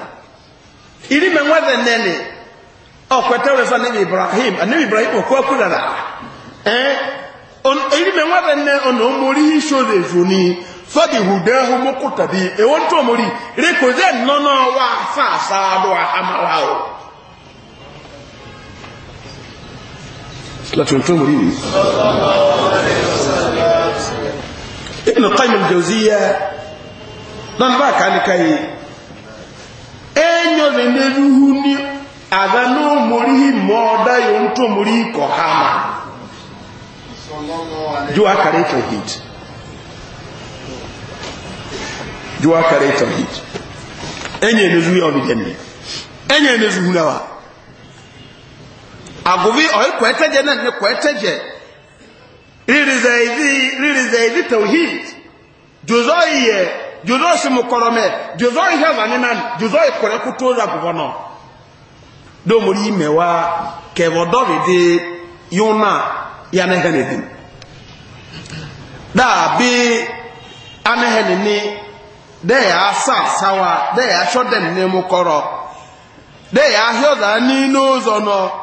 iri mɛ ŋa bɛ nɛni ɔ kɔtɛ wɛrɛ fɔ anabi ibrahim anabi ibrahim o kɔ kura la ɛn iri mɛ ŋa bɛ nɛ ɔnà mɔri so de zoni fabihudahu muqtadi ewo n tɔ mɔri rekoze nɔnɔ mọ̀rí nìyí ابن القيم الجوزية نان باكا نكاي enyo leneruhu ni aga e n'omori mọda ya ntomori ikọ ha ma jụ akara etohid jụ akara e ya ọbịbịa nne enye enezu hunawa agụvi ọyị kwete je ririza izi tauhid juzo iye juzo simukorome juzo ihe na juzo ikore kutoza kubono do muri imewa kevo dovidi yuna yanehenedin da bi anehenini de ya asa sawa de ya shoden ne mukoro de ya hioda ni n'ụzọ nọ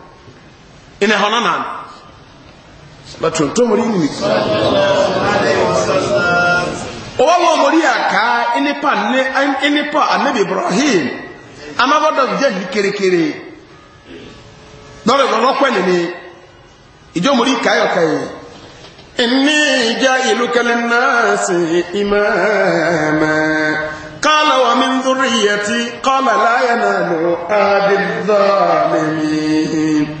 ina hɔ nanan na tuntum ri ni ɔwɔ wɔn mori aka nipa ne nipa anabi ibrahim amabɔdɔ jɛ ni kerekere lɔri lɔlɔkɔ nini ìjọ mori kayɔ kayɔ e. inni ja ilu kelen naasi imaama kala wa min zuriyati kala laayana mu adi zɔlimi.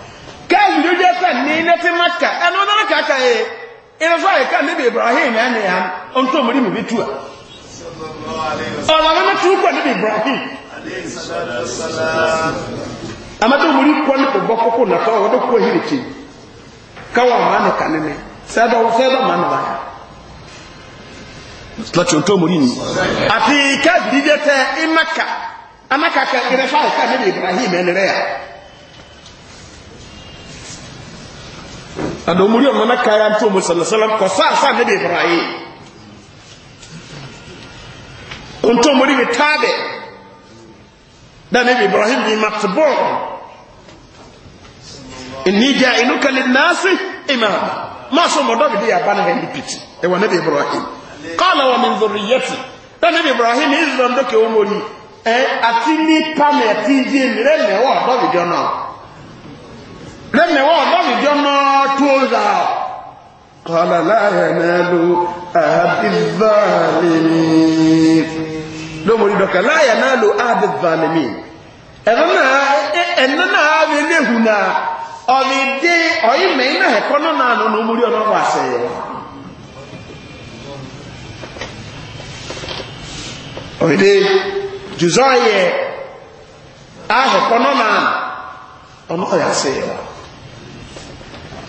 káàlù ló jẹ́ ní maka ẹnu ọdọ́rọ̀ kàkà ẹ̀ ìrẹsọ́ àyíká níbi ibrahim ẹni eh, ya ohun tó mú rí mìí tú à níbi ibrahim muri eh, kọ́ ní ọgbọ́ kókó nà tọ́ kó ehìrì kye káwọn ọmọ àná kà nínú sẹ́dọ̀ sẹ́dọ̀ mà nà báyà ohun tó àti ìmaka ana omuri ọmọ na kaya ntọ omo salasalam kọ saa saa ne bi ibrahim ntọ omuri bi taabe da ne bi ibrahim bi matibọ nnidia inuka le naase imama maa so mọdọ bi de yaba na hẹni piti ẹwọ ne bi ibrahim kọọla wọn min zori yẹti da ne bi ibrahim israel ndọkẹ omori ẹ ati nipa na ẹti di emirẹ mẹwọ ọdọ bi ọ náà. lẹ́mẹ̀ wọ́n lọ́rìnjọ́ náà tó rà kọ́lá láyẹ̀nẹ́lú àbíbàlìmí lómorí dọ̀kà láyẹ̀nẹ́lú àbíbàlìmí ẹ̀nà náà rí léhù náà ọ̀rìndé ọ̀yìnmẹ̀ iná ẹ̀kọ́ náà nù lómorí ọ̀nà wà sẹ́yẹ̀ ọ̀rìndé jùzọ́ yẹ ahẹ̀kọ́ náà ọ̀nà ọ̀yà wà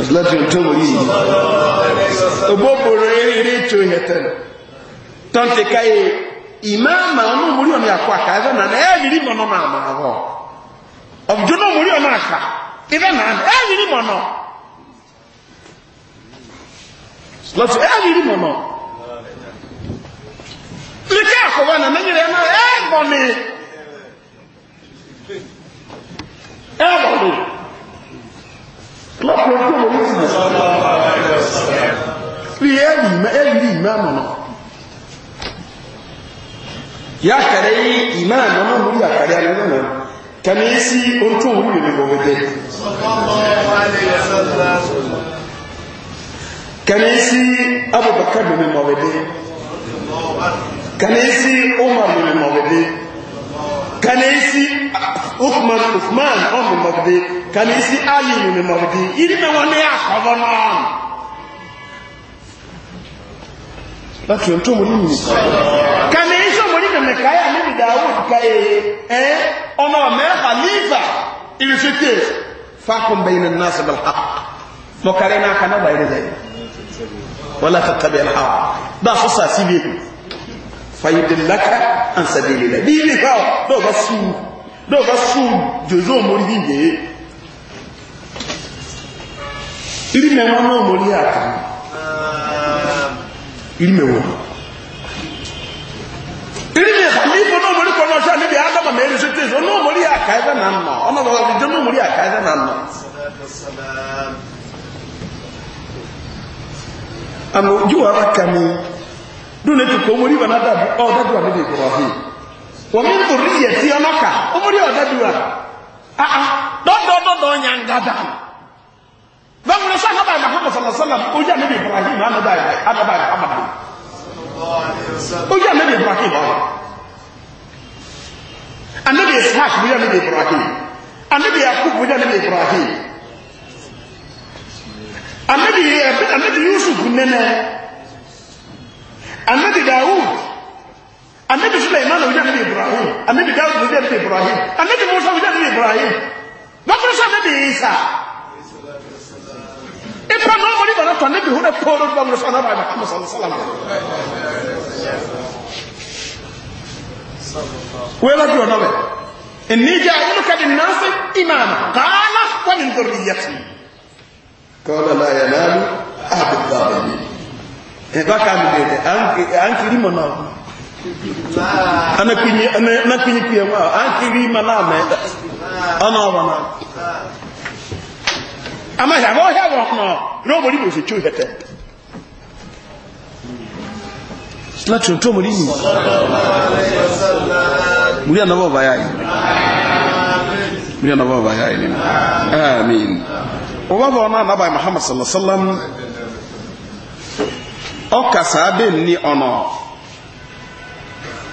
asilati ntomori yi oboboro ere tso yɛtɛn tɔnte ka ye imaama ɔno omori ɔno akɔ aka ɛfɛ nana ɛyiri mɔnɔ na e ama hɔ ɔbjo no omori ɔno aka ɛfɛ nana ɛyiri mɔnɔ lọtù ẹ yìí mọ̀ náà lìkẹ́ àkọ́wà nà mẹ́yìn náà ẹ bọ̀ ni ẹ bọ̀ ni lọ́pọ̀ tó mọ̀ ní bí ẹ̀yìrí ìmáàmù náà ya kàrẹ yí ìmáàmù náà múrí àkàrẹ alẹ́nà náà kàmí sí ohun tó múrí rẹ̀ gọ̀gọ̀dẹ̀ kàmí sí abubakar bẹ̀rẹ̀ mọ̀wẹ̀dẹ̀ kàmí sí umar bẹ̀rẹ̀ mọ̀wẹ̀dẹ̀ kàmí sí Uthman Uthman ọmọ umm Mọ̀gídé kàní sí Ali ní Mọ̀gídé ìrí mẹ́wọ́ ní àkọ́bọ̀ náà. Láti ohun tó mo ní nìyí. Kàní iṣẹ́ mo ní mẹ̀mẹ̀ káyà níbi Dàwùd káyè ẹ́ ọmọ mẹ́fà lífà ìrìsìtè fákùn bẹ́yìn náà sọ̀rọ̀ ha. Mọ̀kàrí náà kaná bàyìí rẹ̀ zẹ́yìn. Wọ́n láti tàbí dɔw ka suu jozo mori yi ye iri mɛ wọn n'o mori y'a kan iri mɛ wọn iri mɛ n'i ko n'o mori kɔnɔ sɛ ne de y'a dama mɛ eri se te so n'o mori y'a kan ɛfɛ n'a nɔ ɔnɔ bɛ wɔri àmì ojú wa bá kàmi dúró ne ti kò mori dàbí ɔ dàbí wa ne fún yìí wọ́n mi kò rí yẹ tí ọmọ kà ọmọ rí ọ̀dá dùn à dọ́dọ̀dọ̀dọ̀ ọ̀nyà ń gàdà báwo ni sáà báyìí mahamud sallasalam ó yà níbi ibrahim anabaayi amadu ó yà níbi ibrahim ọ̀rọ̀ anabi ishaq ó yà níbi ibrahim anabi yakub ó yà níbi ibrahim anabi yusuf nene anabi dawud anabi suleiman na wujɛ nabi ibrahim anabi dawud wujɛ nabi ibrahim anabi musa wujɛ nabi ibrahim wɔtɔ sɛ anabi isa ipa na ɔmɔdi bana tɔ anabi hunɛ pɔɔrɔ duba wuli sɔnna baa muhammad sallallahu alaihi wa wɛrɛ duwa nɔbɛ inni jɛ ayinu ka di nansi imama kaala wa min doriyati. kɔɔla la yanalu abu dhabi. ɛ ba k'a mi de dɛ an kiri mɔna o. anakinyi anakinyi pia mwa akiri maname ana wana ama ya go ya go no nobody was chu hete slatu to muri ni muri ana baba yayi muri ana baba yayi ni amin obaba ona nabai muhammad sallallahu alaihi wasallam okasa abe ni ono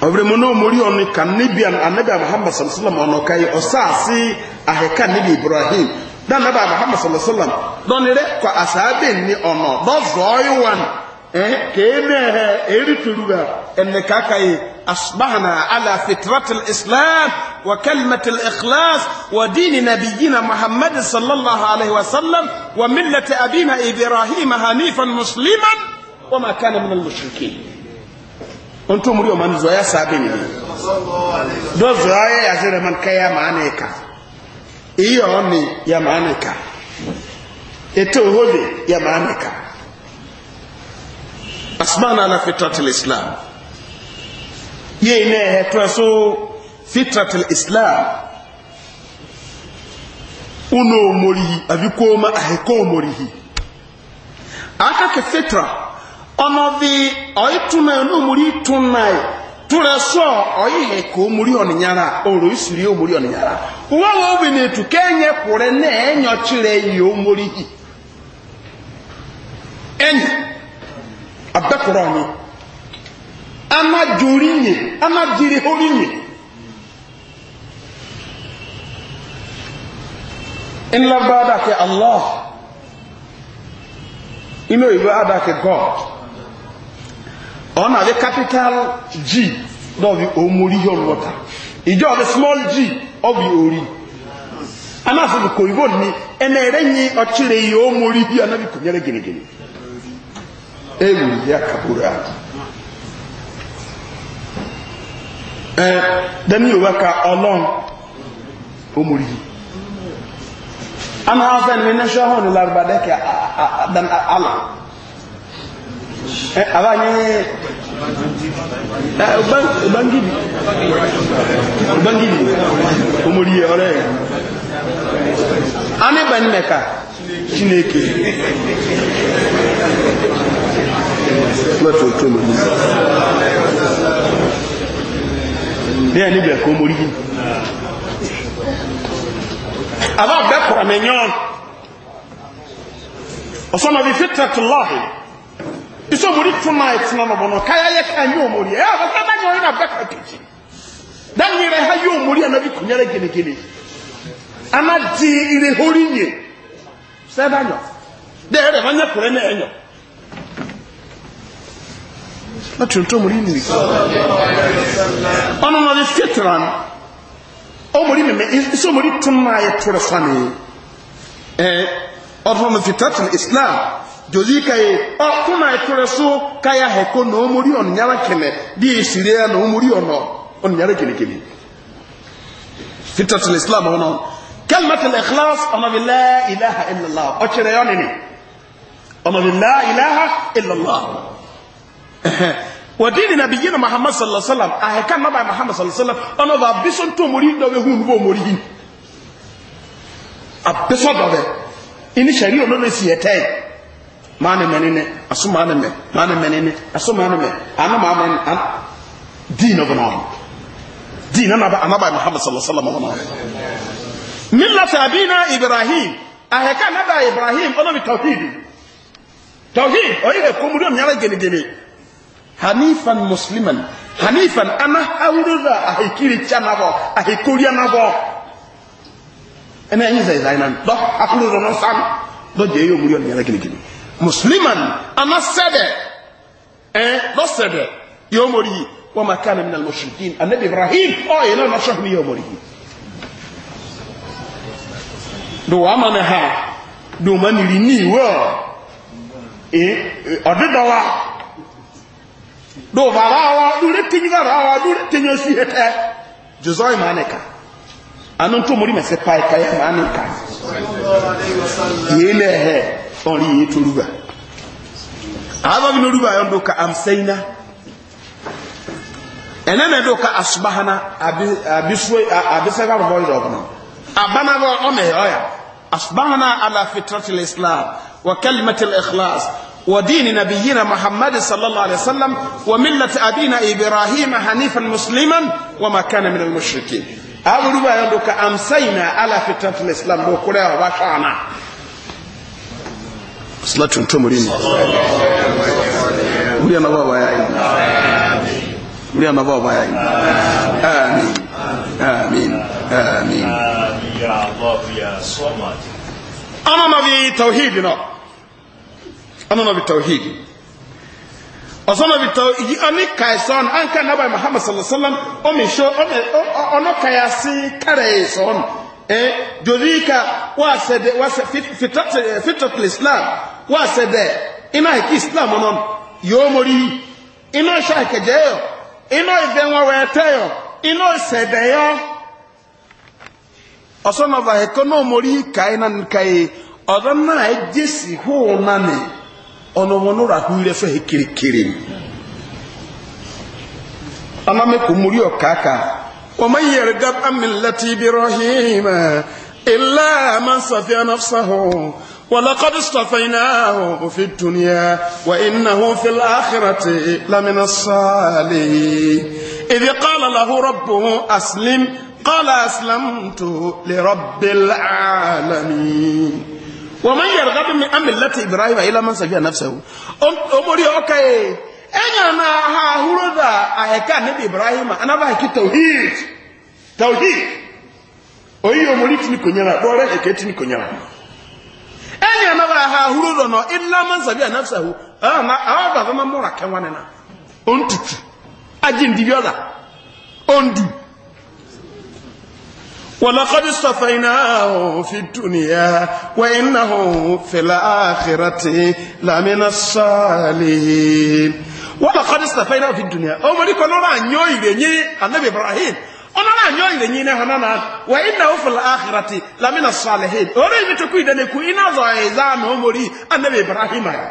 ọ̀rẹ́mọ náà mórí ọ̀nà kan níbi anábẹ́ muhammad sallallahu ọ̀nà ọsa asị àhẹ́ká níbi ibrahim dánábẹ́ muhammad sallallahu lọ́nìrẹ́ kọ àṣàbẹ̀ ní ọ̀nà lọ́zọ̀ ọ̀yọ́wọ̀n kéèmé ẹ̀hẹ́ èrí turuwa ẹ̀nìkà káyé asbahana ala fitratil islam wa kalmatil ikhlas wa dini nabiyina muhammad sallallahu alaihi wa sallam wa millati abina ibrahim hanifan musliman wa ma kana min al-mushrikin onto muri oman zo ya sabe ni do zo ya ya man kaya maneka iyo ni ya maneka eto hode ya maneka asmana ala fitratul islam ye ne he to so fitratul islam uno muri abikoma aheko murihi aka ke fitra Ọnọdụ ọ itụnọ ya na omuli ịtụnọ ya tụlee so ọ ịhe ka omuli ọ nịnyara ọ n'osiri ya omuli ọ obi na etu ka enye ekwule na enyochiri na eyi omuli eyi. Enyo. Abetula anyị. Amaju ọlụlụ inye amadiri ọlụlụ inye. Enlaba aadaki alo. Ime oyibo aadaki go. ọ̀nà àbí capital g lọ́ọ̀bí omori yọ̀ lọ́ta ìjọ ọ̀bí small g ọ̀bí orí anáfíìsì kò ìbò ní ẹnà ẹ̀rẹ́yìn ọ̀chìrè yìí omori yìí ọ̀nà bí kò nyẹ́rẹ́ gẹ̀rẹ́gẹ̀rẹ́ ewu yìí àkàbúrò àti. ẹ dẹ́ni yorùbá ka ọlọ́run omori yìí ana afẹ́ ni nẹ́ṣọ́ hàn ní larubadẹ́kẹ́ àdán àlà. Eh, abanye eh, ubangidi ubangidi omoriye ọrẹ anibani mẹka chineke lọtọọtọ mọbi ní ẹni bẹ kó omori yìí àbá bẹ kọrọ mẹ nyọ ọsọ bi fitatulahi. iso muri tonight na nobono kaya ye kanyi omuri eh abasaba nyo ina beka pichi dan ni reha yo omuri ana bikunyere gene gene ama di ire hori nye seba nyo de ere manya kure ne enyo na tuntu omuri ni ono na de fitran omuri me iso omuri tonight tore fami eh ọdún fitratun islam jozi kaye ọ kuna ekure so kaya heko na omori on nyara kene di esiri ya na omori on on nyara kene kene fitatul islam ono كلمة الإخلاص أنا بالله إله إلا الله أشر يونني أنا بالله إله إلا الله ودين نبينا محمد صلى الله عليه وسلم أهكا نبي محمد صلى الله عليه وسلم أنا بابسون تو مريد دوه هون بو مريد أبسون دوه إني شريع نوني سيتين maana mɛne ne aso maana mɛ maana mɛne ne aso maana mɛ ana maana ne an diin na bana ɔmo diin na naba anaba muhammad sallallahu alaihi wa sallam ɔmo millata abina ibrahim aheka naba ibrahim ɔno mi tawhid tawhid oyi hɛ kɔmu do miara gelegele hanifan musliman hanifan ana hawuro da ahikiri kya nabɔ ahikoriya nabɔ ɛnna ɛyin zayizayina dɔ akuru dɔ nɔ san dɔ jɛ eyi omuri ɔmo miara gelegele musliman ama sɛdɛ ɛn lɔ sɛdɛ yɛ omori yi wɔn mushrikin anabi ibrahim ɔyɛ náà lɔsɔn mi yɛ omori do wa ama ne ha do ma niri ni wɔ ee ɔdedɔ wa do bara wa do re tenyi bara wa do re tenyi osi yɛ tɛ josɔn ma ne ka anu tó mori ma se pa ɛka yɛ ma ne ka yé lɛ hɛ. ɔri yi to ruba aba bi no ruba yɔn doka ka amsɛyina ɛnɛ na do ka asubahana abi abi sue abi sɛ ka bɔ yɔrɔ kɔnɔ abana bɔ ɔmɛ ɔya asubahana ala fitratil islam wa kalimatil ikhlas ودين نبينا محمد صلى الله عليه وسلم وملة أبينا إبراهيم حنيفا مسلما وما كان من المشركين أولو بأيضا أمسينا fitrati فتنة الإسلام وكلها وشعنا salatu ntomori ni wuli anaba wa yayi wuli anaba wa yayi amin amin amin ana na bi tawhid na ana na bi tawhid ọsọna bi tawhid ani kaisan an ka naba muhammad sallallahu alaihi wasallam ọmọ iṣẹ ọmọ ọnọ kayasi kare sọọnu. eh jodika wasede wase fitrat eh, fitrat islam wasede ina hiki islam onon yo mori ina shake yo. ina ibe won we teyo ina sede yo osoma va ekono mori kai nan kai odon na ejesi hu na me ono wono ra hu re so hekirikiri ama me ko mori okaka ومن يرغب عن ملة إبراهيم إلا من صفي نفسه ولقد اصطفيناه في الدنيا وإنه في الآخرة لمن الصالحين إذ قال له ربه أسلم قال أسلمت لرب العالمين ومن يرغب عن ملة إبراهيم إلا من صفي نفسه أمري أوكي ẹ̀yàn náà ha ahúrò dà níbi ibrahim anábàáhìkí tawhid tawhid oyi omori tini konyara bọ́ọ̀rẹ́ ẹ̀kẹ́ tini konyara ẹ̀yàn náà ha ahúrò náà ilá mọ́nsàbí ànáfsàhù àwọn bàbá máa múra kẹwà nínà ó ń tutù ajé ń dìbí ọ̀dà ó ń wọ́n lọ kọ́dí sàfẹ́ náà fi dùnìyà ọmọ ní kọ́nà náà nyọ́ ìrẹ̀yìn anabi ibrahim ọ̀nà náà nyọ́ ìrẹ̀yìn náà hàn náà wà iná òfòlà àhìrati lamina salihin orí mi tó kú ìdánikù iná zọ ẹ̀zá àná ọmọ rí ibrahim ayé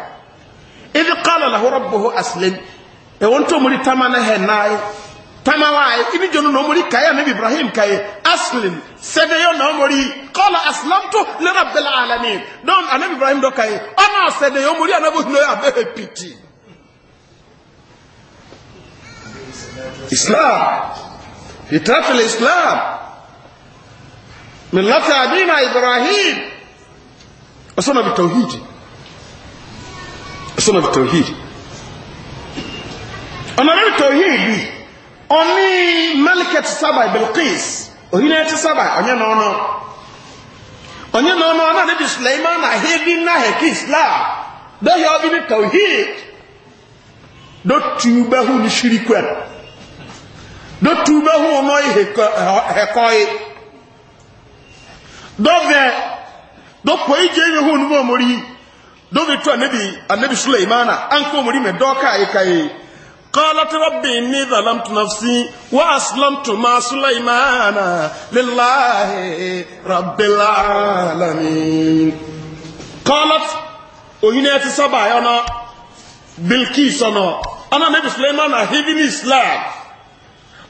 ibi kọ́nà làwọn rọ̀bù asilim ẹ̀wọ̀n tó mọ̀rí tamá náà hẹ̀ náà tamawa ayi ibi jɔnu na ɔmori kaye anabi ibrahim kaye aslim sɛdeyo na ɔmori kɔla aslamtu lera bela alamin dɔn anabi ibrahim dɔ kaye ɔna sɛdeyo ɔmori anabi ohinɛ abe piti. islam ìtẹ́fì islam mìlọ́tà àdínà ibrahim ọ̀sánà bí tawhid ọ̀sánà bí tawhid ọ̀nà bí tawhid ọ̀ní mẹ́lìkẹ̀ ti sábà bilqis òyìnbó ti sábà ọ̀nyẹ́ náà náà onye na ọnụ ọna dịbị suleiman ahịrị na heke islam dọhịa ọbịnị tawhid dotu ugbehu ni shirikwen dotu bɛ hu no hekɔe dɔvɛ dɔpɔ igye yi hu numu omori dɔvɛ tu anabi anabi suleimana anko omori mɛ dɔɔka ayikaye قالت رب إني ظلمت نفسي وأسلمت مع سليمان لله رب العالمين قالت وهنا سبع أنا بالكيس أنا أنا نبي سليمان هيفين إسلام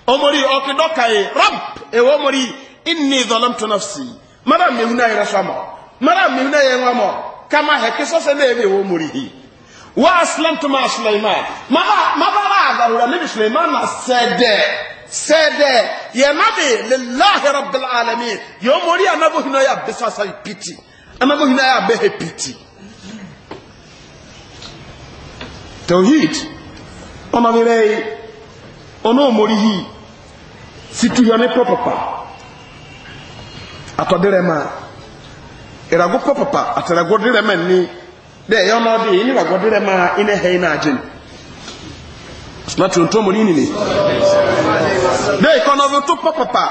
omori okidokaye ramp ewo omori inni zalamtu nafsi mara mehuna yera shamo mara mehuna yera mo kama heke sose na ebe ewo omori hi wa aslamtu ma sulaiman mara mara agarura nabi sulaiman na sede sede ye nabi lillahi rabbil alamin ye omori anabo hina ya besasa piti anabo hina ya behe piti tauhid ono omori hii situhwane pɔpapa atɔderɛma irago pɔpapa ataragoderɛma ni dɛ ɛyɛ ɔna ɔde yi ne ragoderɛma ina hɛn na agyen na tuntun omori nini dɛ ikɔnɔbi to pɔpapa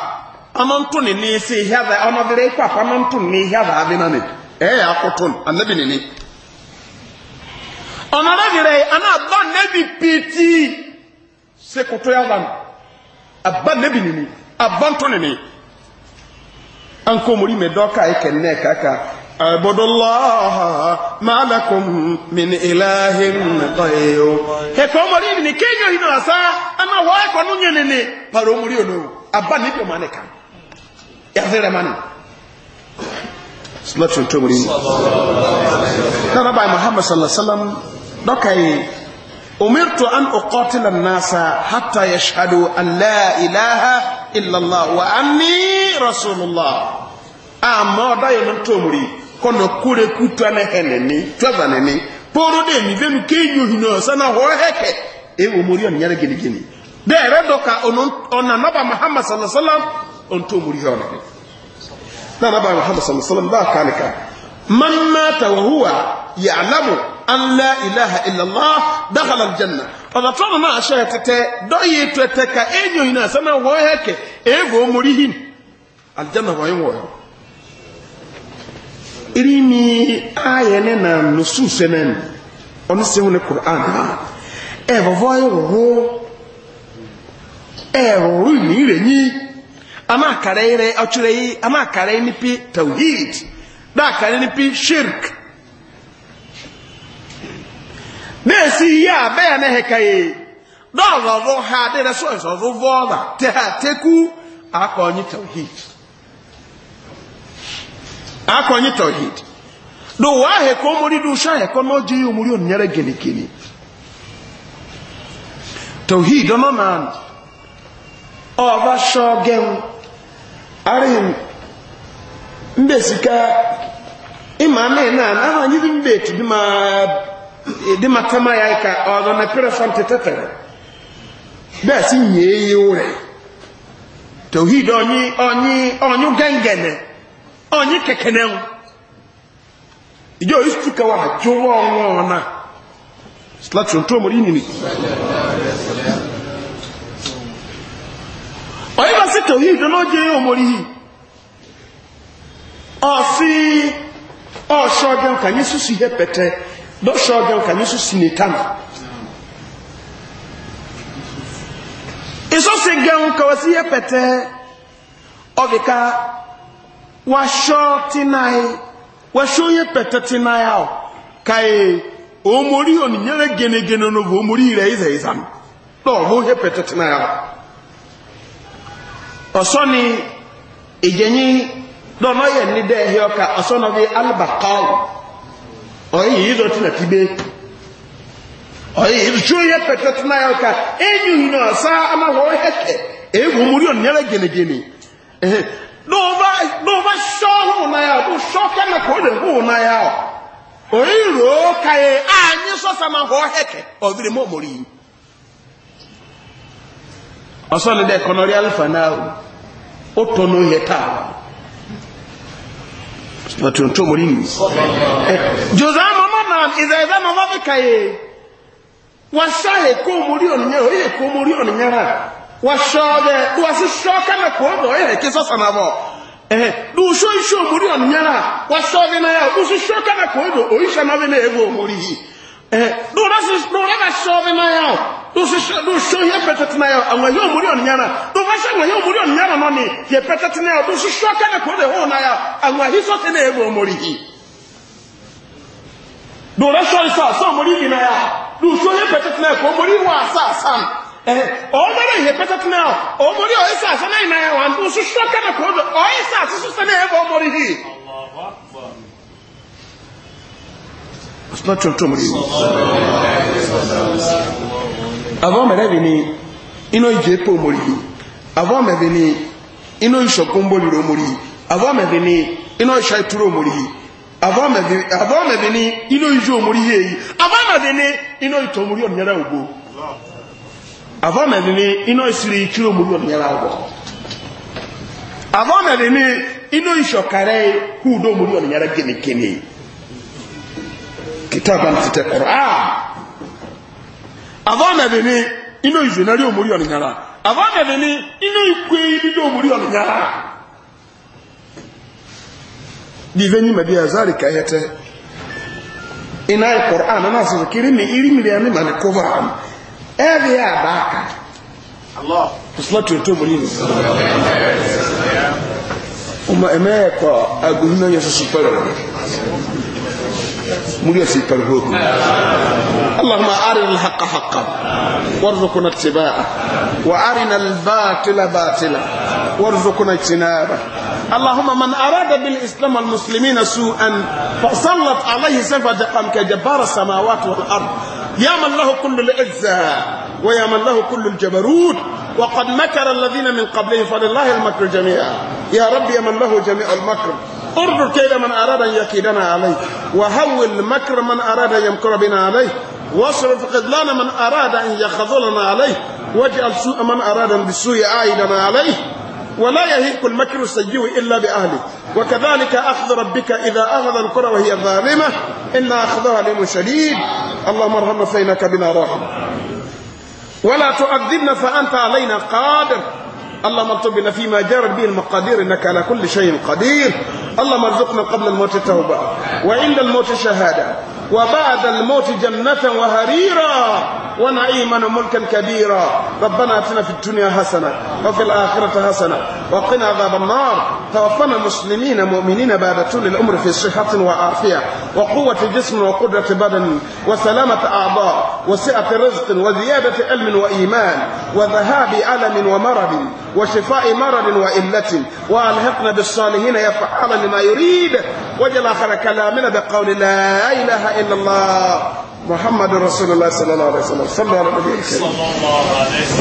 ɔnɔnto ne ne se hiada ɔnɔbere kɔ akɔ ɔnɔnto ne hiada adi na ne ɛyɛ akoto anabi ne ne ana dɔn ne bi tii. se koto ya wano nebi nini Aba nto nini Anko muri me doka eke ne kaka abudullah ma lakum min ilahin ghayru he ko muri ni ọhịa hino ama wa ko nunye nini paro muri ono abba nebi mane kan na أمرت أن أقاتل الناس حتى يشهدوا أن لا إله إلا الله وأني رسول الله أما دايما تومري كنا كوري كتانا هنني تبانني poro de mi venu ke yuhi no sana ho heke e wo mori on nyare gini gini de re doka onon ona naba muhammad sallallahu alaihi wasallam on to mori hono na naba muhammad sallallahu alaihi wasallam ba kanika man mata wa huwa ya'lamu an la ilaha illallah dakhala aljanna ọ̀nà tó ọ̀nà àṣẹ ẹ̀tẹ̀tẹ̀ dọ́yìí tó ẹ̀tẹ̀ ka ẹ̀yìn òyìn àṣẹ náà wọ́n hẹ́ kẹ̀ ẹ̀ẹ́gò mórí hìn aljanna wọ́n wọ̀ ẹ̀. iri ni ayẹ ne na nusu fẹnẹ ni ọ̀nà sẹ́wọ́n ní quran ha ẹ̀ bọ̀bọ̀ ẹ̀ wọ̀ ẹ̀ rọrùn ní rẹ̀ yí ama àkàrẹ́ rẹ̀ ọ̀túrẹ́ yí ama àkàrẹ́ nípi tawhid dáàkàrẹ́ nípi shirk. na-esi ihe a ya na-ehekaghị dọlọrụ ha adịrị sọzọzụ vọla teha teku akọnyi tauhid akọnyi tauhid do wa he ko mori du sha he ko noji umuri on nyere gele gele tauhid ono na o ba shogen arin mbesika ima na na na nyi mbetu ma ìdí matama ya ika ọ̀dọ̀ na pẹ̀rẹ̀ fún tẹ́tẹ́tẹ̀rẹ̀ bẹ́ẹ̀ sí yẹ̀ẹ́yẹ rẹ̀ tòhíd ọ̀nyí ọ̀nyí ọ̀nyú gẹ́ngẹ̀nẹ̀ ọ̀nyí kẹ̀kẹ̀nẹ̀ ń ìjọ ìsìtú kẹwà àjọwọ́ ọ̀wọ́ ọ̀nà slatron tó mọ̀rí nìyí ọ̀yí bá sí tòhíd ọ̀nà ọjọ́ yóò mọ̀rí yìí ọ̀sí ọ̀ṣọ́gẹ́ nkà ní sísú ihe pẹ̀tẹ́ dɔsɔ gan ka yesu sini kama si gan ka si yẹ pẹ̀tẹ́ ọ̀bìka wàṣọ tìǹnaì wàṣọ yẹ pẹ̀tẹ́ tìǹnaì ọ̀ kàyé omori ònìyẹrẹ gẹnẹgẹnẹ n'obu òmòrí rẹ̀ ìzẹ̀ ìzàmù lọ́ọ̀bù yẹ pẹ̀tẹ́ tìǹnaì ọ̀ ọ̀sọ́ni ìjẹ̀yìn dọ́nà yẹn ní dẹ́ ẹ̀hẹ́ ọ̀ka ọ̀sọ́nà alibakaw. onye ịzọ tí na tibe ọyị ìrìṣú yẹ pẹ̀tẹ̀ tí náà ọkà ẹ̀yìn ìhìn náà sá amáhọ̀ ẹ̀kẹ̀ ẹ̀hùn múrí ọ̀nẹ́rẹ̀ gẹ̀nẹ̀gẹ̀nẹ̀ na ṣọ́hùn náà ọdún ṣọ́kẹ́ mẹ́kọ̀ ọdún hùn náà ọ̀yí anyị ọmụrụ Ọsọ alfa taa. bàtún tó mọ̀rí nìyí. jòzá mọ́mọ́ náà ìzà ìzà mọ́mọ́ fi kàyè wàṣà èkó mórí ònìyàn òye èkó mórí ònìyàn rà wàṣọ ọdẹ wàṣí sọ kánà kó ọdọ òye èké sọsàn àbọ ẹhẹ lùsọ iṣẹ òmórí ònìyàn rà No, rasi do raba shove na yao do se do sho ye petet na yao anwa yo muri on no ni ye petet na yao do se sho ka na ko de ho na yao anwa hi so se na e bo muri hi do ra sho sa so muri ni na yao do sho ye petet na ko muri wa sa san eh o mara ye better na yao o oh, muri o oh, sa sa na na yao do se sho ka na ko de o sa se so se na e bo sọ́tún tó múrí ní àbọ́ mẹ́rẹ́bì ni iná ìjẹ́ pò mórí àbọ́ mẹ́bì ni iná ìṣọ̀kún bólúrò mórí àbọ́ mẹ́bì ni iná ìṣà ìtúrò mórí àbọ́ mẹ́bì ni iná ìjọ mórí yéyí àbọ́ mẹ́bì ni iná ìtọ̀ mórí ọ̀nìyàrá ògbó àbọ́ mẹ́bì ni iná ìṣirí ìkírò mórí ọ̀nìyàrá ògbó àbọ́ mẹ́bì ni iná ìṣọ̀kàrẹ́ húdó mórí ọ̀nìyàrá gẹ̀mẹ̀gẹ̀mẹ̀ kitaban titẹ koraa avaa mẹbi ni inu izinari omori ọninyara avaa mẹbi ni inu ikwe didi omori ọninyara diveni mẹbi azari kayẹtẹ ina yi koraa nana asese kiri mi iri mi ni ma ni kova am ẹbi yẹ abaaka kusula to omori ni ọmọ ẹmẹ ẹkọ agunna yẹ soso pẹlẹ. مليسي برهوك اللهم أرنا الحق حقا وارزقنا اتباعه وأرنا الباطل باطلا وارزقنا اجتنابه اللهم من أراد بالإسلام والمسلمين سوءا فصلت عليه سفة دقام كجبار السماوات والأرض يا من له كل العزة ويا من له كل الجبروت وقد مكر الذين من قبلهم فلله المكر جميعا يا رب يا من له جميع المكر اربر كيد من أراد أن يكيدنا عليه وهول مكر من أراد أن يمكر بنا عليه واصرف خذلان من أراد أن يخذلنا عليه واجعل سوء من أراد بالسوء عائدنا عليه ولا يهيك المكر السجيو إلا بأهله وكذلك أخذ ربك إذا أخذ القرى وهي ظالمة إن أخذها لم شديد اللهم ارحمنا فإنك بنا راحم ولا تؤذبنا فأنت علينا قادر اللهم اكتب فيما جرت به المقادير انك على كل شيء قدير اللهم ارزقنا قبل الموت توبه وعند الموت شهاده وبعد الموت جنة وهريرا ونعيما وملكا كبيرا ربنا اتنا في الدنيا حسنة وفي الآخرة حسنة وقنا عذاب النار توفنا مسلمين مؤمنين بعد طول العمر في صحة وعافية وقوة جسم وقدرة بدن وسلامة أعضاء وسعة رزق وزيادة علم وإيمان وذهاب ألم ومرض وشفاء مرض وإلة وألحقنا بالصالحين يفعل لما يريد وجل آخر كلامنا بقول لا إله إلا الله محمد رسول الله صلى الله عليه وسلم صلى الله عليه وسلم